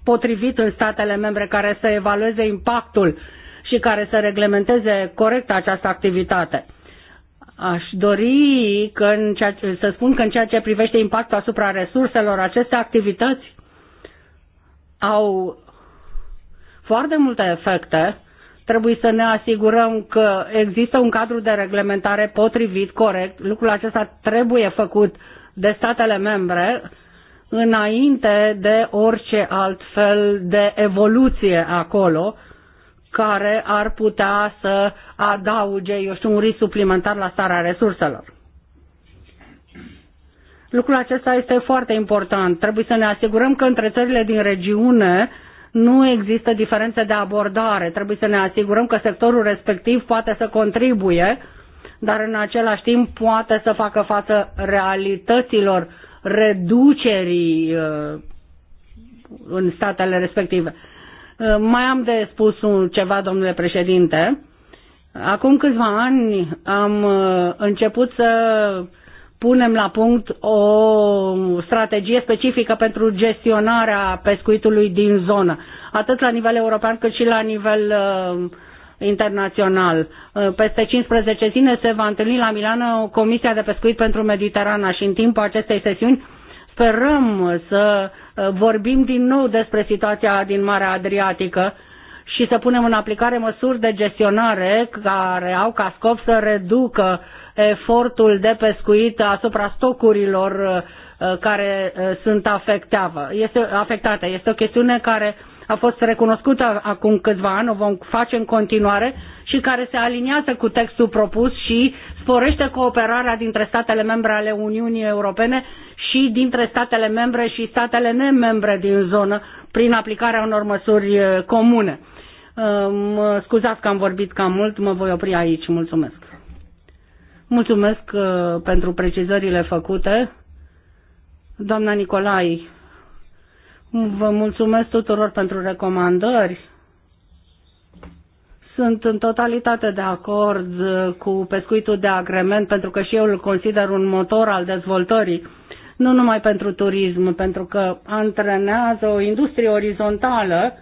potrivit în statele membre care să evalueze impactul și care să reglementeze corect această activitate. Aș dori că în ceea ce, să spun că în ceea ce privește impactul asupra resurselor, aceste activități au foarte multe efecte, trebuie să ne asigurăm că există un cadru de reglementare potrivit, corect. Lucrul acesta trebuie făcut de statele membre înainte de orice alt fel de evoluție acolo care ar putea să adauge, eu știu, un risc suplimentar la starea resurselor. Lucrul acesta este foarte important. Trebuie să ne asigurăm că între țările din regiune nu există diferențe de abordare. Trebuie să ne asigurăm că sectorul respectiv poate să contribuie, dar în același timp poate să facă față realităților reducerii uh, în statele respective. Uh, mai am de spus ceva, domnule președinte. Acum câțiva ani am uh, început să punem la punct o strategie specifică pentru gestionarea pescuitului din zonă, atât la nivel european cât și la nivel uh, internațional. Uh, peste 15 zile se va întâlni la Milano Comisia de Pescuit pentru Mediterana și în timpul acestei sesiuni sperăm să uh, vorbim din nou despre situația din Marea Adriatică și să punem în aplicare măsuri de gestionare care au ca scop să reducă efortul de pescuit asupra stocurilor uh, care uh, sunt este afectate. Este o chestiune care a fost recunoscută acum câțiva ani, o vom face în continuare și care se aliniază cu textul propus și sporește cooperarea dintre statele membre ale Uniunii Europene și dintre statele membre și statele nemembre din zonă prin aplicarea unor măsuri uh, comune. Ă, mă scuzați că am vorbit cam mult, mă voi opri aici. Mulțumesc. Mulțumesc ă, pentru precizările făcute. Doamna Nicolai, vă mulțumesc tuturor pentru recomandări. Sunt în totalitate de acord cu pescuitul de agrement, pentru că și eu îl consider un motor al dezvoltării, nu numai pentru turism, pentru că antrenează o industrie orizontală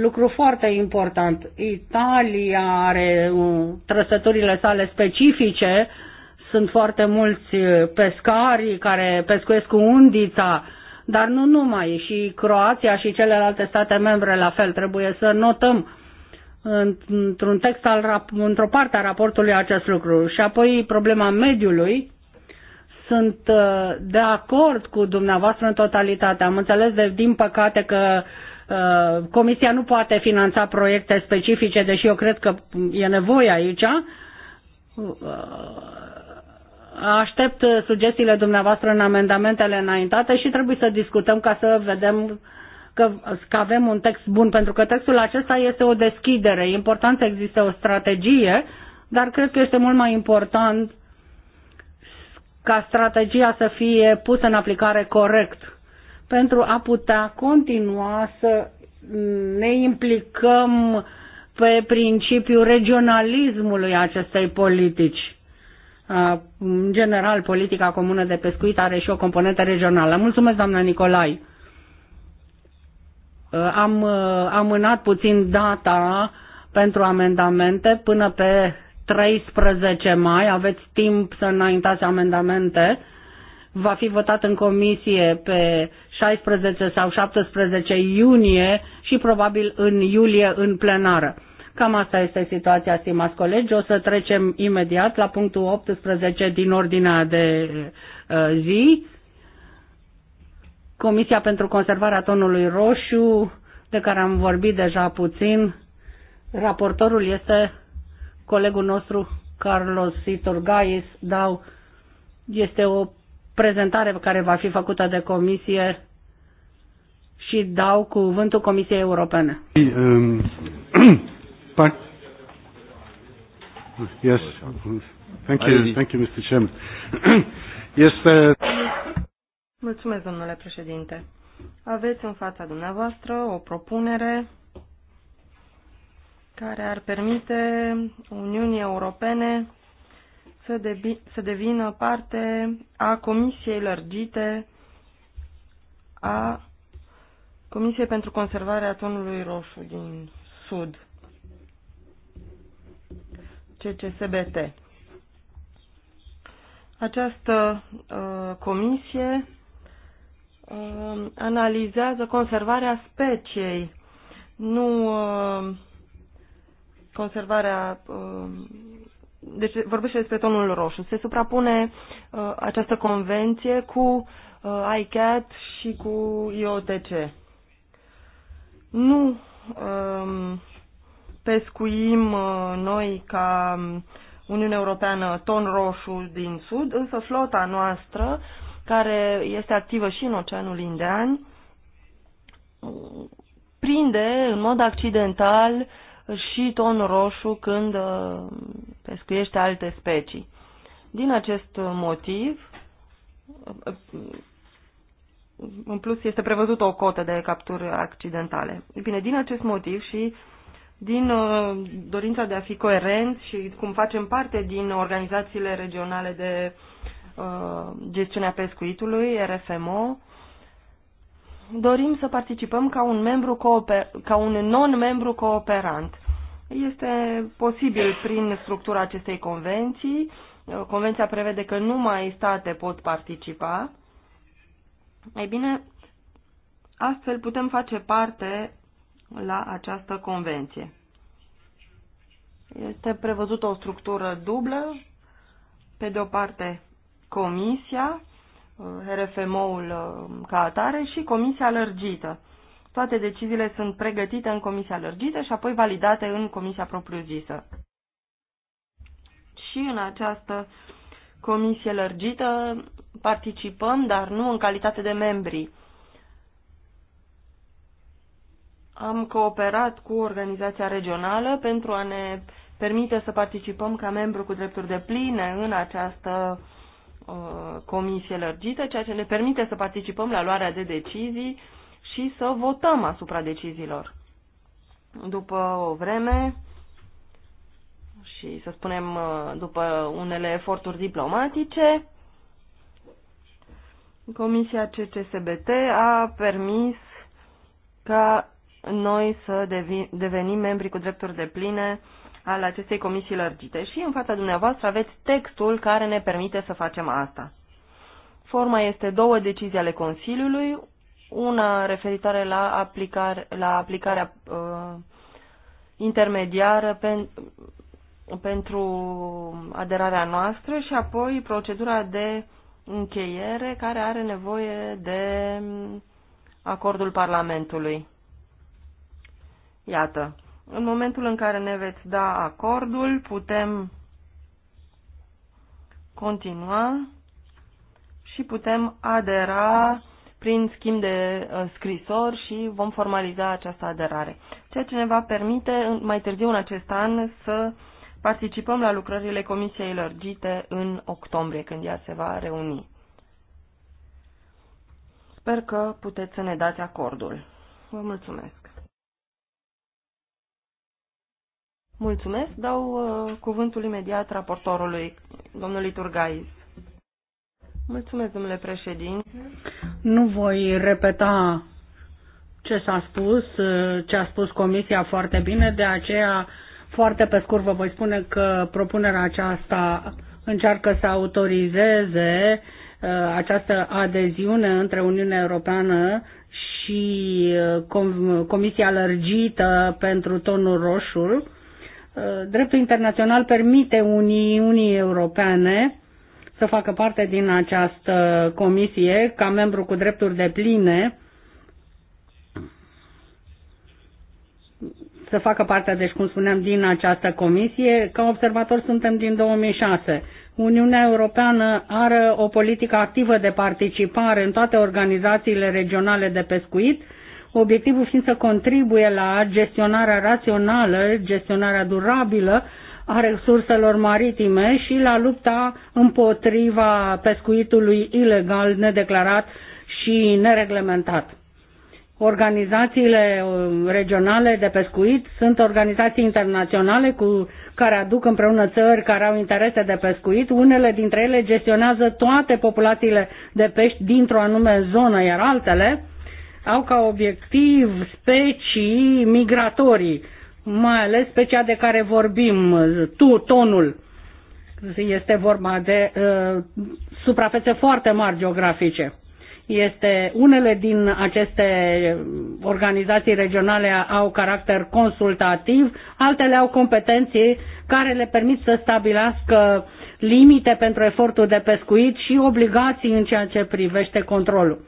lucru foarte important. Italia are uh, trăsăturile sale specifice, sunt foarte mulți uh, pescari care pescuiesc cu undița, dar nu numai, și Croația și celelalte state membre la fel. Trebuie să notăm într-un text al, într-o parte a raportului acest lucru. Și apoi problema mediului, sunt uh, de acord cu dumneavoastră în totalitate. Am înțeles de, din păcate că Uh, comisia nu poate finanța proiecte specifice, deși eu cred că e nevoie aici. Uh, aștept sugestiile dumneavoastră în amendamentele înaintate și trebuie să discutăm ca să vedem că, că avem un text bun, pentru că textul acesta este o deschidere. E important să existe o strategie, dar cred că este mult mai important ca strategia să fie pusă în aplicare corect pentru a putea continua să ne implicăm pe principiul regionalismului acestei politici. În general, politica comună de pescuit are și o componentă regională. Mulțumesc, doamna Nicolai. Am amânat puțin data pentru amendamente până pe 13 mai. Aveți timp să înaintați amendamente va fi votat în comisie pe 16 sau 17 iunie și probabil în iulie în plenară. Cam asta este situația, stimați colegi. O să trecem imediat la punctul 18 din ordinea de uh, zi. Comisia pentru conservarea tonului roșu, de care am vorbit deja puțin. Raportorul este colegul nostru Carlos Iturgais, dau este o prezentare care va fi făcută de comisie și dau cuvântul Comisiei Europene. Um, yes. Thank you, thank you, Mr. Chairman. Este... Uh, Mulțumesc, domnule președinte. Aveți în fața dumneavoastră o propunere care ar permite Uniunii Europene să, debi- să devină parte a Comisiei Lărgite a Comisiei pentru Conservarea Tonului Roșu din Sud, CCSBT. Această uh, comisie uh, analizează conservarea speciei, nu uh, conservarea uh, deci vorbește despre tonul roșu. Se suprapune uh, această convenție cu uh, ICAT și cu IOTC. Nu um, pescuim uh, noi ca Uniunea Europeană ton roșu din sud, însă flota noastră, care este activă și în Oceanul Indian, prinde în mod accidental uh, și ton roșu când uh, pescuiește alte specii. Din acest motiv, uh, în plus este prevăzută o cotă de capturi accidentale. Bine, din acest motiv și din uh, dorința de a fi coerenți și cum facem parte din organizațiile regionale de gestiunea pescuitului, RFMO, dorim să participăm ca un, membru cooper, ca un non-membru cooperant. Este posibil prin structura acestei convenții. Convenția prevede că numai state pot participa. Ei bine, astfel putem face parte la această convenție. Este prevăzută o structură dublă, pe de o parte Comisia, Uh, RFMO-ul uh, ca atare și comisia lărgită. Toate deciziile sunt pregătite în comisia lărgită și apoi validate în comisia propriu-zisă. Și în această comisie lărgită participăm, dar nu în calitate de membri. Am cooperat cu organizația regională pentru a ne permite să participăm ca membru cu drepturi de pline în această uh, Uh, comisie lărgită, ceea ce ne permite să participăm la luarea de decizii și să votăm asupra deciziilor. După o vreme și, să spunem, uh, după unele eforturi diplomatice, Comisia CCSBT a permis ca noi să devenim membri cu drepturi de pline al acestei comisii lărgite și în fața dumneavoastră aveți textul care ne permite să facem asta. Forma este două decizii ale Consiliului, una referitoare la, aplicare, la aplicarea uh, intermediară pen, pentru aderarea noastră și apoi procedura de încheiere care are nevoie de um, acordul Parlamentului. Iată, în momentul în care ne veți da acordul, putem continua și putem adera prin schimb de uh, scrisor și vom formaliza această aderare. Ceea ce ne va permite mai târziu în acest an să participăm la lucrările Comisiei Lărgite în octombrie, când ea se va reuni. Sper că puteți să ne dați acordul. Vă mulțumesc! Mulțumesc. Dau uh, cuvântul imediat raportorului, domnului Turgais. Mulțumesc, domnule președinte. Nu voi repeta ce s-a spus, uh, ce a spus comisia foarte bine, de aceea foarte pe scurt vă voi spune că propunerea aceasta încearcă să autorizeze uh, această adeziune între Uniunea Europeană și uh, Comisia Lărgită pentru Tonul Roșu, Uh, dreptul internațional permite Uniunii Europene să facă parte din această comisie ca membru cu drepturi de pline, să facă parte, deci cum spuneam, din această comisie. Ca observator suntem din 2006. Uniunea Europeană are o politică activă de participare în toate organizațiile regionale de pescuit – obiectivul fiind să contribuie la gestionarea rațională, gestionarea durabilă a resurselor maritime și la lupta împotriva pescuitului ilegal, nedeclarat și nereglementat. Organizațiile uh, regionale de pescuit sunt organizații internaționale cu care aduc împreună țări care au interese de pescuit. Unele dintre ele gestionează toate populațiile de pești dintr-o anume zonă, iar altele au ca obiectiv specii migratorii, mai ales specia de care vorbim, tu, tonul. Este vorba de uh, suprafețe foarte mari geografice. Este unele din aceste organizații regionale au caracter consultativ, altele au competenții care le permit să stabilească limite pentru efortul de pescuit și obligații în ceea ce privește controlul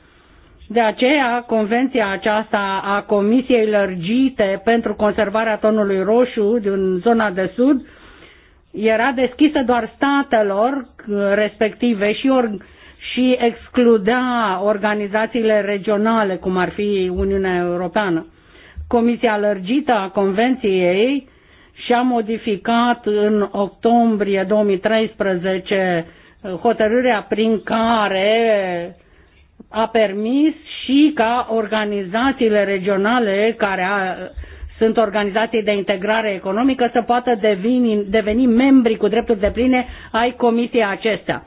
de aceea, convenția aceasta a Comisiei Lărgite pentru conservarea tonului roșu din zona de sud era deschisă doar statelor respective și, or, și excludea organizațiile regionale, cum ar fi Uniunea Europeană. Comisia Lărgită a Convenției și-a modificat în octombrie 2013 hotărârea prin care a permis și ca organizațiile regionale care a, sunt organizații de integrare economică să poată deveni, deveni membri cu drepturi de pline ai comisiei acestea.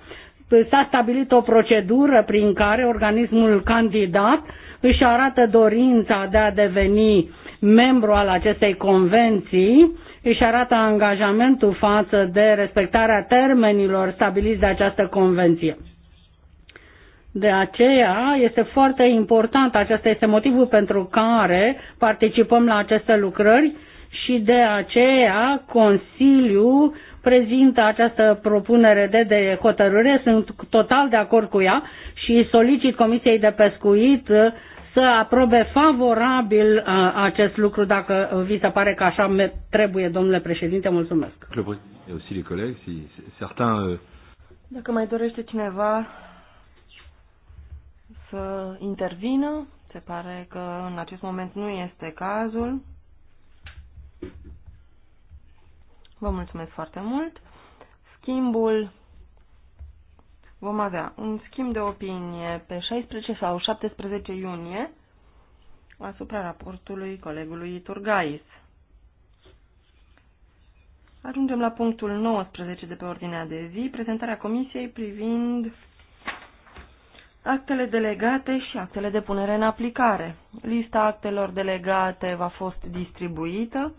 S-a stabilit o procedură prin care organismul candidat își arată dorința de a deveni membru al acestei convenții, își arată angajamentul față de respectarea termenilor stabiliți de această convenție. De aceea este foarte important, acesta este motivul pentru care participăm la aceste lucrări și de aceea Consiliul prezintă această propunere de, de hotărâre, sunt total de acord cu ea și solicit Comisiei de Pescuit să aprobe favorabil acest lucru dacă vi se pare că așa trebuie, domnule președinte. Mulțumesc. Euh, dacă mai dorește cineva să intervină. Se pare că în acest moment nu este cazul. Vă mulțumesc foarte mult. Schimbul vom avea un schimb de opinie pe 16 sau 17 iunie asupra raportului colegului Turgais. Ajungem la punctul 19 de pe ordinea de zi, prezentarea comisiei privind Actele delegate și actele de punere în aplicare. Lista actelor delegate va fost distribuită.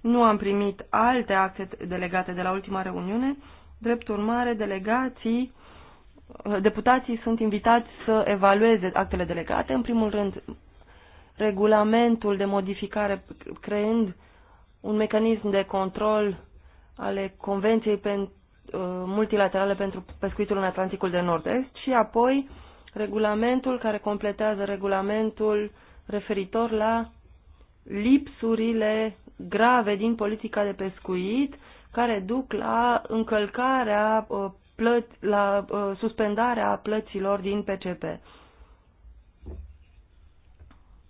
Nu am primit alte acte delegate de la ultima reuniune. Drept urmare, delegații, deputații sunt invitați să evalueze actele delegate. În primul rând, regulamentul de modificare creând un mecanism de control ale Convenției uh, multilaterale pentru pescuitul în Atlanticul de Nord-Est și apoi regulamentul care completează regulamentul referitor la lipsurile grave din politica de pescuit care duc la încălcarea uh, plăți, la uh, suspendarea plăților din PCP.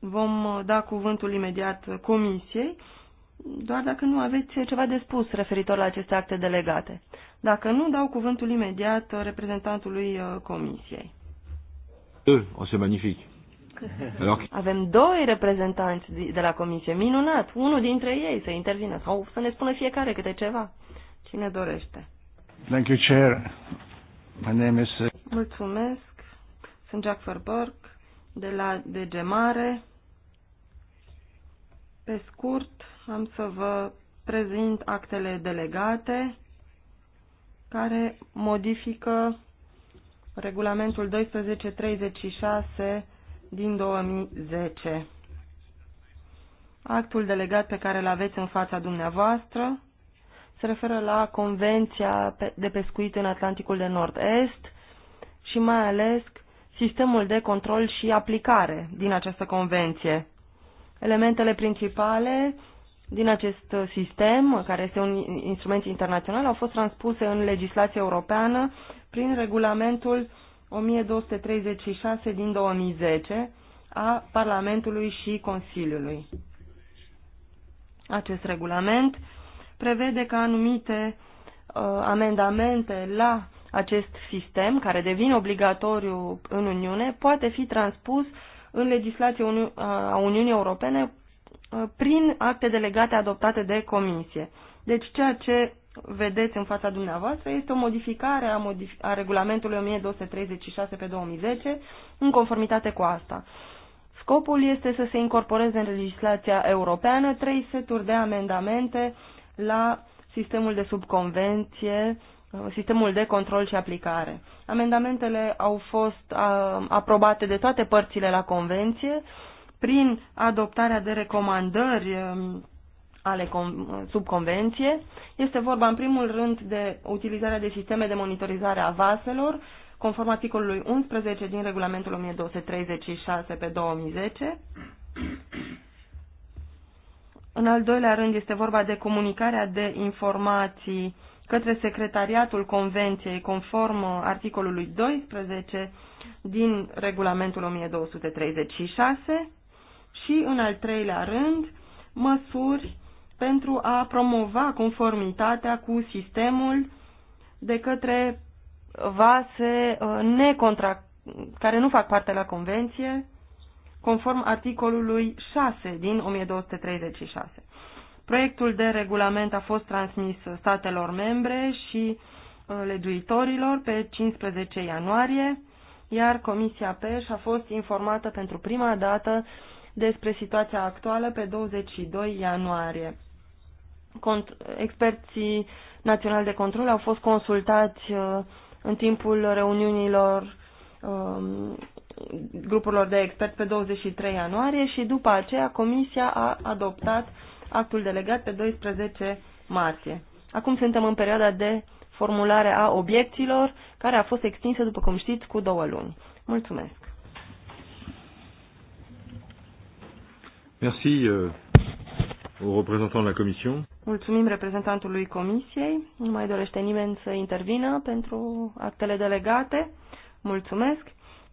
Vom uh, da cuvântul imediat comisiei, doar dacă nu aveți ceva de spus referitor la aceste acte delegate. Dacă nu, dau cuvântul imediat reprezentantului comisiei. Oh, c'est magnifique. Alors... Avem doi reprezentanți de la comisie. Minunat! Unul dintre ei să intervină sau să ne spună fiecare câte ceva. Cine dorește? Thank you, Chair. My name is... Uh, Mulțumesc. Sunt Jack Ferborg, de la DG Mare. Pe scurt, am să vă prezint actele delegate care modifică regulamentul 1236 din 2010. Actul delegat pe care îl aveți în fața dumneavoastră se referă la Convenția de pescuit în Atlanticul de Nord-Est și mai ales sistemul de control și aplicare din această convenție. Elementele principale din acest sistem, care este un instrument internațional, au fost transpuse în legislația europeană prin regulamentul 1236 din 2010 a Parlamentului și Consiliului. Acest regulament prevede că anumite uh, amendamente la acest sistem, care devine obligatoriu în Uniune, poate fi transpus în legislația Uni uh, a Uniunii Europene uh, prin acte delegate adoptate de Comisie. Deci ceea ce vedeți în fața dumneavoastră este o modificare a, modif a regulamentului 1236 pe 2010 în conformitate cu asta. Scopul este să se incorporeze în legislația europeană trei seturi de amendamente la sistemul de subconvenție, sistemul de control și aplicare. Amendamentele au fost aprobate de toate părțile la convenție prin adoptarea de recomandări um, ale sub convenție. Este vorba în primul rând de utilizarea de sisteme de monitorizare a vaselor, conform articolului 11 din regulamentul 1236 pe 2010. În al doilea rând este vorba de comunicarea de informații către secretariatul convenției conform articolului 12 din regulamentul 1236 și în al treilea rând măsuri pentru a promova conformitatea cu sistemul de către vase uh, necontract care nu fac parte la convenție, conform articolului 6 din 1236. Proiectul de regulament a fost transmis statelor membre și uh, legiuitorilor pe 15 ianuarie, iar Comisia PEș a fost informată pentru prima dată despre situația actuală pe 22 ianuarie experții naționali de control au fost consultați uh, în timpul reuniunilor um, grupurilor de expert pe 23 ianuarie și după aceea Comisia a adoptat actul delegat pe 12 martie. Acum suntem în perioada de formulare a obiecțiilor, care a fost extinsă, după cum știți, cu două luni. Mulțumesc! Merci, euh, au représentant la Comisie. Mulțumim reprezentantului Comisiei. Nu mai dorește nimeni să intervină pentru actele delegate. Mulțumesc.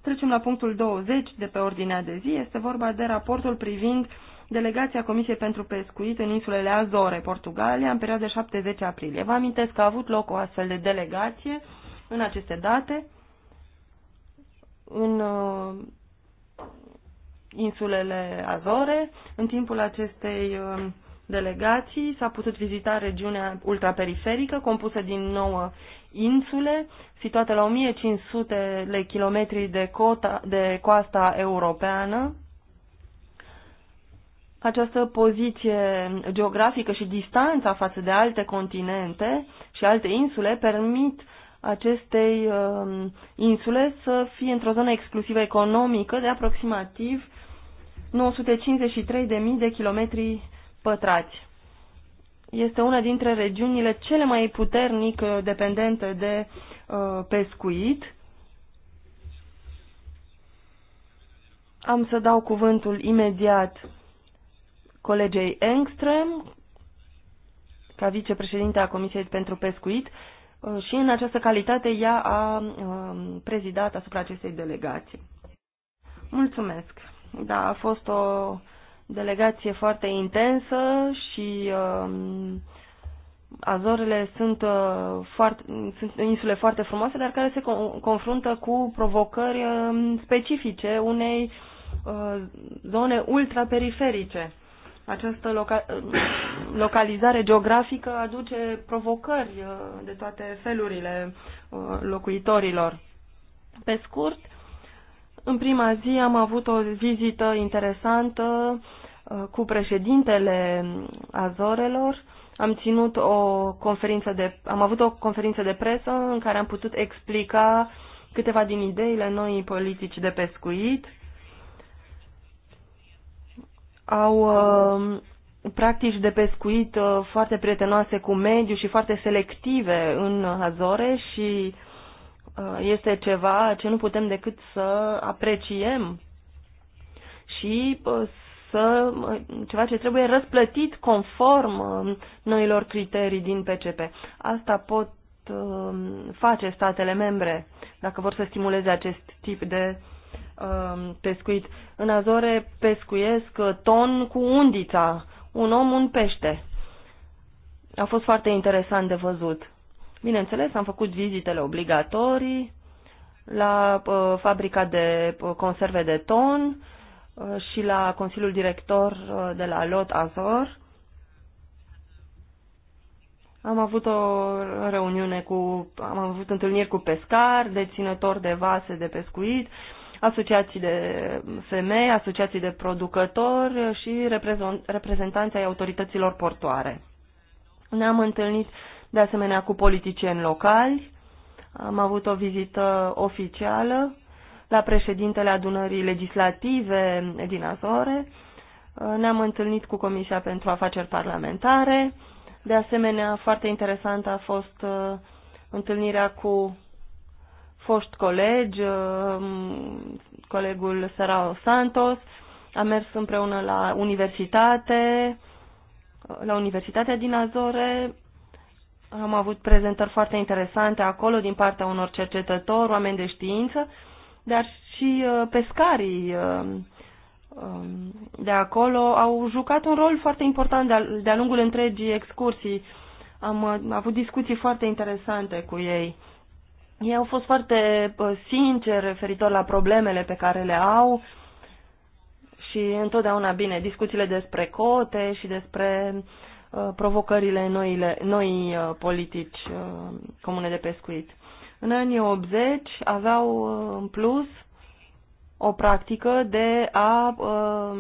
Trecem la punctul 20 de pe ordinea de zi. Este vorba de raportul privind delegația Comisiei pentru Pescuit în insulele Azore, Portugalia, în perioada 7-10 aprilie. Vă amintesc că a avut loc o astfel de delegație în aceste date, în uh, insulele Azore. În timpul acestei um, delegații s-a putut vizita regiunea ultraperiferică, compusă din nouă insule, situată la 1500 de kilometri de, cota, de coasta europeană. Această poziție geografică și distanța față de alte continente și alte insule permit acestei uh, insule să fie într-o zonă exclusivă economică de aproximativ 953.000 de kilometri pătrați. Este una dintre regiunile cele mai puternic uh, dependente de uh, pescuit. Am să dau cuvântul imediat colegei Engström, ca vicepreședinte a Comisiei pentru Pescuit, uh, și în această calitate ea a prezidat asupra acestei delegații. Mulțumesc! Da, a fost o delegație foarte intensă și uh, Azorele sunt, uh, foarte, sunt insule foarte frumoase, dar care se co- confruntă cu provocări uh, specifice unei uh, zone ultraperiferice. Această loca- localizare geografică aduce provocări uh, de toate felurile uh, locuitorilor. Pe scurt, uh, în prima zi am avut o vizită interesantă uh, cu președintele Azorelor. Am ținut o conferință de, am avut o conferință de presă în care am putut explica câteva din ideile noii politici de pescuit. Au uh, practici de pescuit uh, foarte prietenoase cu mediu și foarte selective în Azore și Uh, este ceva ce nu putem decât să apreciem și uh, să, uh, ceva ce trebuie răsplătit conform noilor criterii din PCP. Asta pot face statele membre dacă vor să stimuleze acest tip de pescuit. În Azore pescuiesc ton cu undița, un om, un pește. A fost foarte interesant de văzut. Bineînțeles, am făcut vizitele obligatorii la uh, fabrica de uh, conserve de ton uh, și la Consiliul Director uh, de la Lot Azor. Am avut o reuniune cu, am avut întâlniri cu pescari, deținători de vase de pescuit, asociații de femei, asociații de producători și reprezentanții ai autorităților portoare. Ne-am întâlnit uh, de asemenea cu politicieni locali. Am avut o vizită oficială la președintele adunării legislative din Azore. Ne-am întâlnit cu Comisia pentru Afaceri Parlamentare. De asemenea, foarte interesantă a fost uh, întâlnirea cu foști colegi, uh, colegul Serao Santos, am mers împreună la universitate, la Universitatea din Azore, am avut prezentări foarte interesante acolo din partea unor cercetători, oameni de știință, dar și uh, pescarii uh, um, de acolo au jucat un rol foarte important de-a lungul întregii excursii. Uh, am avut discuții foarte interesante cu ei. Ei au fost foarte sinceri referitor la problemele pe care le au și întotdeauna bine discuțiile despre cote și despre Uh, provocările noile, noi uh, politici uh, comune de pescuit. În anii 80 aveau în plus o practică de a um,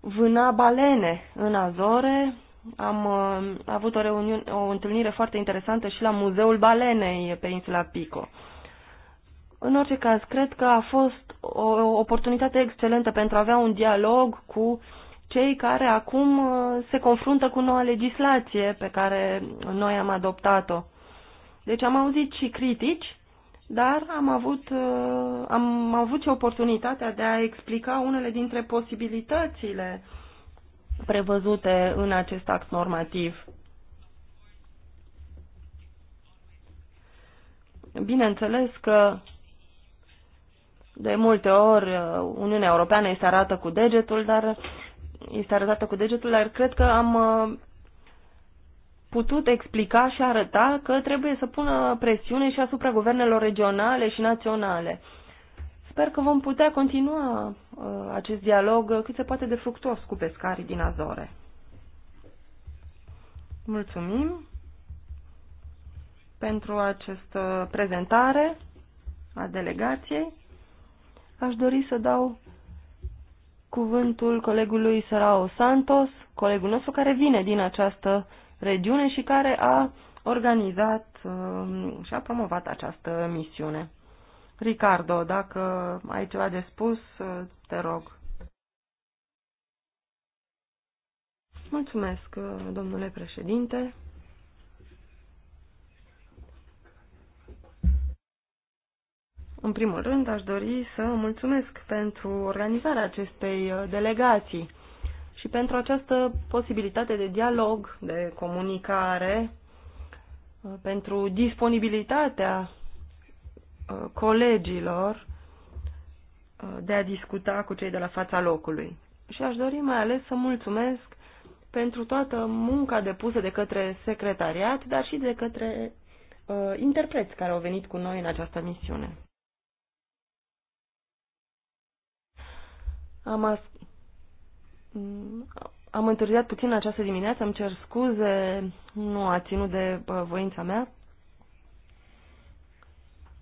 vâna balene în Azore. Am avut o, reuniune, o întâlnire foarte interesantă și la Muzeul Balenei pe insula Pico. În orice caz, cred că a fost o oportunitate excelentă pentru a avea un dialog cu uh, cei care acum uh, se confruntă cu noua legislație pe care noi am adoptat-o. Deci am auzit și critici, dar am avut, uh, am avut și oportunitatea de a explica unele dintre posibilitățile prevăzute în acest act normativ. Bineînțeles că de multe ori uh, Uniunea Europeană îi se arată cu degetul, dar este arătată cu degetul, dar cred că am uh, putut explica și arăta că trebuie să pună presiune și asupra guvernelor regionale și naționale. Sper că vom putea continua uh, acest dialog cât se poate de fructuos cu pescarii din Azore. Mulțumim pentru această prezentare a delegației. Aș dori să dau cuvântul colegului sarao Santos, colegul nostru care vine din această regiune și care a organizat um, și a promovat această misiune. Ricardo, dacă ai ceva de spus, te rog. Mulțumesc, domnule președinte. În primul rând, aș dori să mulțumesc pentru organizarea acestei uh, delegații și pentru această posibilitate de dialog, de comunicare, uh, pentru disponibilitatea uh, colegilor de a discuta cu cei de la fața locului. Și aș dori mai ales să mulțumesc pentru toată munca depusă de către secretariat, dar și de către uh, interpreți care au venit cu noi în această misiune. Am, as... am întârziat puțin această dimineață, îmi cer scuze, nu a ținut de voința mea.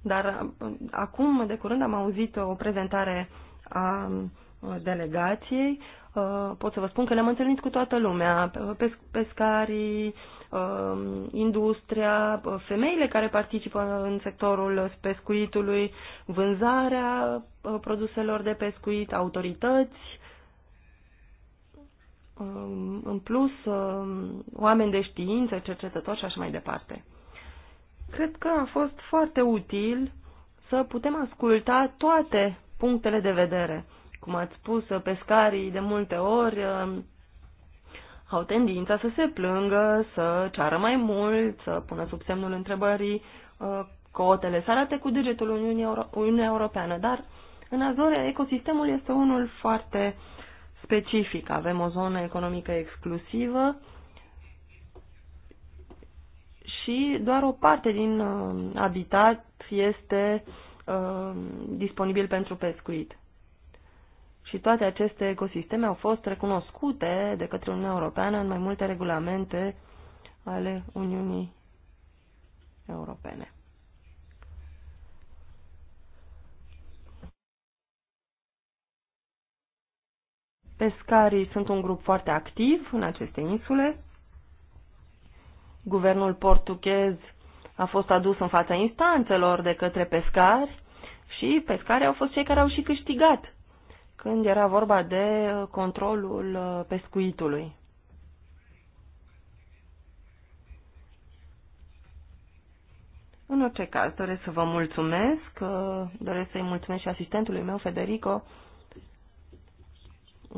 Dar acum, de curând, am auzit o prezentare a delegației. Uh, pot să vă spun că ne-am întâlnit cu toată lumea, uh, pescarii, uh, industria, femeile care participă în sectorul pescuitului, vânzarea produselor de pescuit, autorități, în plus oameni de știință, cercetători și așa mai departe. Cred că a fost foarte util să putem asculta toate punctele de vedere cum ați spus, pescarii de multe ori um, au tendința să se plângă, să ceară mai mult, să pună sub semnul întrebării uh, cotele, să arate cu degetul Uniunii Euro- Uniunea Europeană, dar în Azore ecosistemul este unul foarte specific. Avem o zonă economică exclusivă și doar o parte din uh, habitat este uh, disponibil pentru pescuit și toate aceste ecosisteme au fost recunoscute de către Uniunea Europeană în mai multe regulamente ale Uniunii Europene. Pescarii sunt un grup foarte activ în aceste insule. Guvernul portughez a fost adus în fața instanțelor de către pescari și pescarii au fost cei care au și câștigat când era vorba de uh, controlul uh, pescuitului. În orice caz, doresc să vă mulțumesc, uh, doresc să-i mulțumesc și asistentului meu, Federico,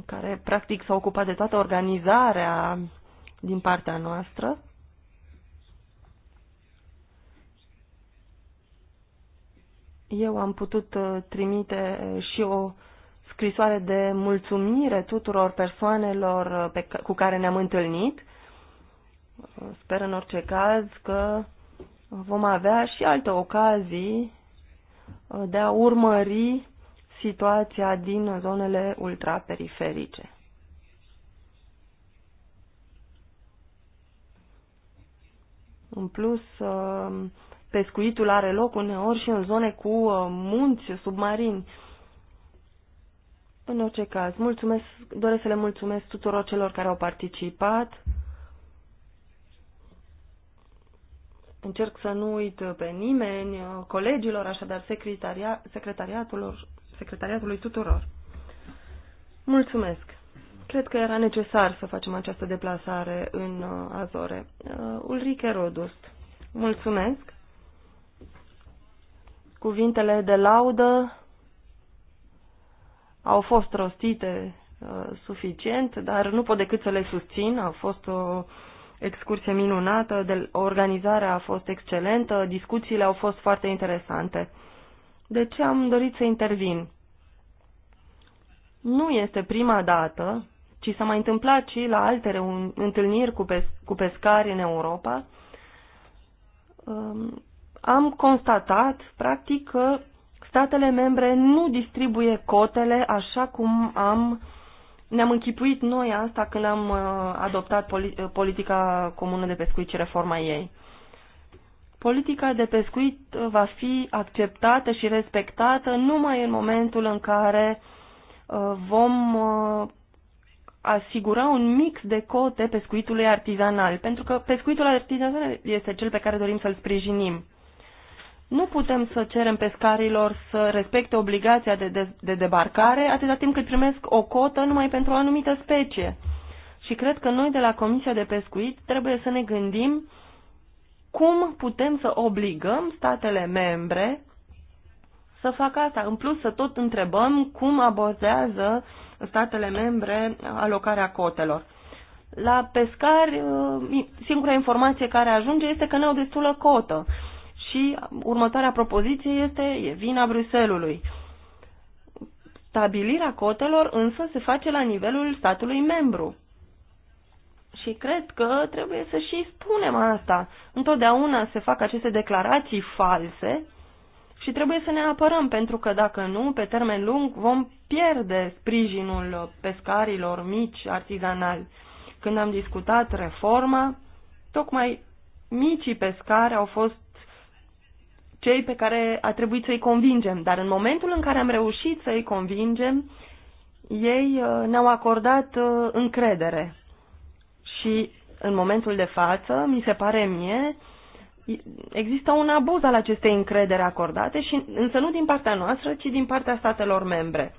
care practic s-a ocupat de toată organizarea din partea noastră. Eu am putut trimite și o scrisoare de mulțumire tuturor persoanelor uh, pe, cu care ne-am întâlnit. Uh, sper în orice caz că vom avea și alte ocazii uh, de a urmări situația din zonele ultraperiferice. În plus, pescuitul are loc uneori și în zone cu munți submarini în orice caz, mulțumesc, doresc să le mulțumesc tuturor celor care au participat. Încerc să nu uit pe nimeni, colegilor, așadar secretaria, secretariatului, secretariatului tuturor. Mulțumesc! Cred că era necesar să facem această deplasare în uh, Azore. Uh, Ulrike Rodust, mulțumesc! Cuvintele de laudă au fost rostite uh, suficient, dar nu pot decât să le susțin. A fost o excursie minunată, de, organizarea a fost excelentă, discuțiile au fost foarte interesante. De ce am dorit să intervin? Nu este prima dată, ci s-a mai întâmplat și la alte reun- întâlniri cu, pes- cu pescari în Europa, um, am constatat, practic, că statele membre nu distribuie cotele așa cum am ne-am închipuit noi asta când am uh, adoptat uh, politica comună de pescuit și reforma ei. Politica de pescuit va fi acceptată și respectată numai în momentul în care uh, vom asigura un mix de cote pescuitului artizanal, pentru că pescuitul artizanal este cel pe care dorim să-l sprijinim. Nu putem să cerem pescarilor să respecte obligația de, de, de debarcare atâta timp cât primesc o cotă numai pentru o anumită specie. Și cred că noi de la Comisia de Pescuit trebuie să ne gândim cum putem să obligăm statele membre să facă asta. În plus să tot întrebăm cum abordează statele membre alocarea cotelor. La pescari, ă, singura informație care ajunge este că ne-au destulă cotă și următoarea propoziție este e vina Bruselului. Stabilirea cotelor însă se face la nivelul statului membru. Și cred că trebuie să și spunem asta. Întotdeauna se fac aceste declarații false și trebuie să ne apărăm, pentru că dacă nu, pe termen lung, vom pierde sprijinul pescarilor mici, artizanali. Când am discutat reforma, tocmai micii pescari au fost cei pe care a trebuit să-i convingem. Dar în momentul în care am reușit să-i convingem, ei uh, ne-au acordat uh, încredere. Și în momentul de față, mi se pare mie, există un abuz al acestei încredere acordate, și, însă nu din partea noastră, ci din partea statelor membre.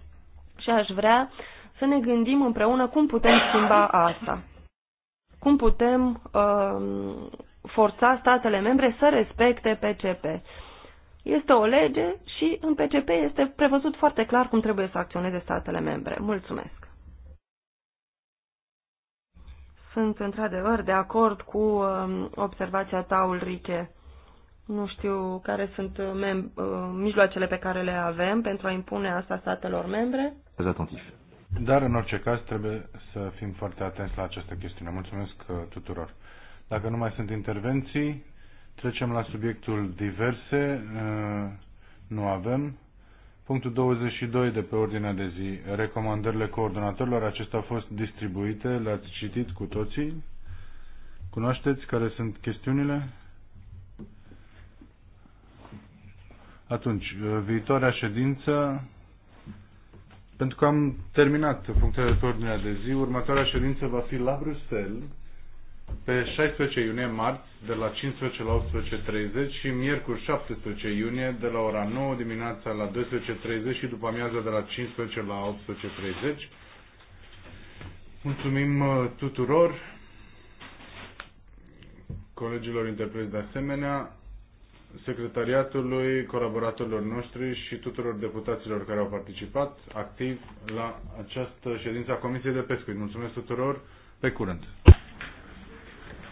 Și aș vrea să ne gândim împreună cum putem schimba asta. Cum putem uh, forța statele membre să respecte PCP. Este o lege și în PCP este prevăzut foarte clar cum trebuie să acționeze statele membre. Mulțumesc! Sunt într-adevăr de acord cu um, observația ta, Ulrike. Nu știu care sunt uh, uh, mijloacele pe care le avem pentru a impune asta statelor membre. Atentiv. Dar, în orice caz, trebuie să fim foarte atenți la această chestiune. Mulțumesc uh, tuturor. Dacă nu mai sunt intervenții, Trecem la subiectul diverse. Uh, nu avem. Punctul 22 de pe ordinea de zi. Recomandările coordonatorilor. Acestea au fost distribuite. Le-ați citit cu toții. Cunoașteți care sunt chestiunile? Atunci, uh, viitoarea ședință, pentru că am terminat punctele de ordinea de zi, următoarea ședință va fi la Bruxelles, pe 16 iunie marți de la 15 la 18.30 și miercuri 17 iunie de la ora 9 dimineața la 12.30 și după amiază de la 15 la 18.30. Mulțumim uh, tuturor, colegilor interpreți de asemenea, secretariatului, colaboratorilor noștri și tuturor deputaților care au participat activ la această ședință a Comisiei de Pescuit. Mulțumesc tuturor, pe curând!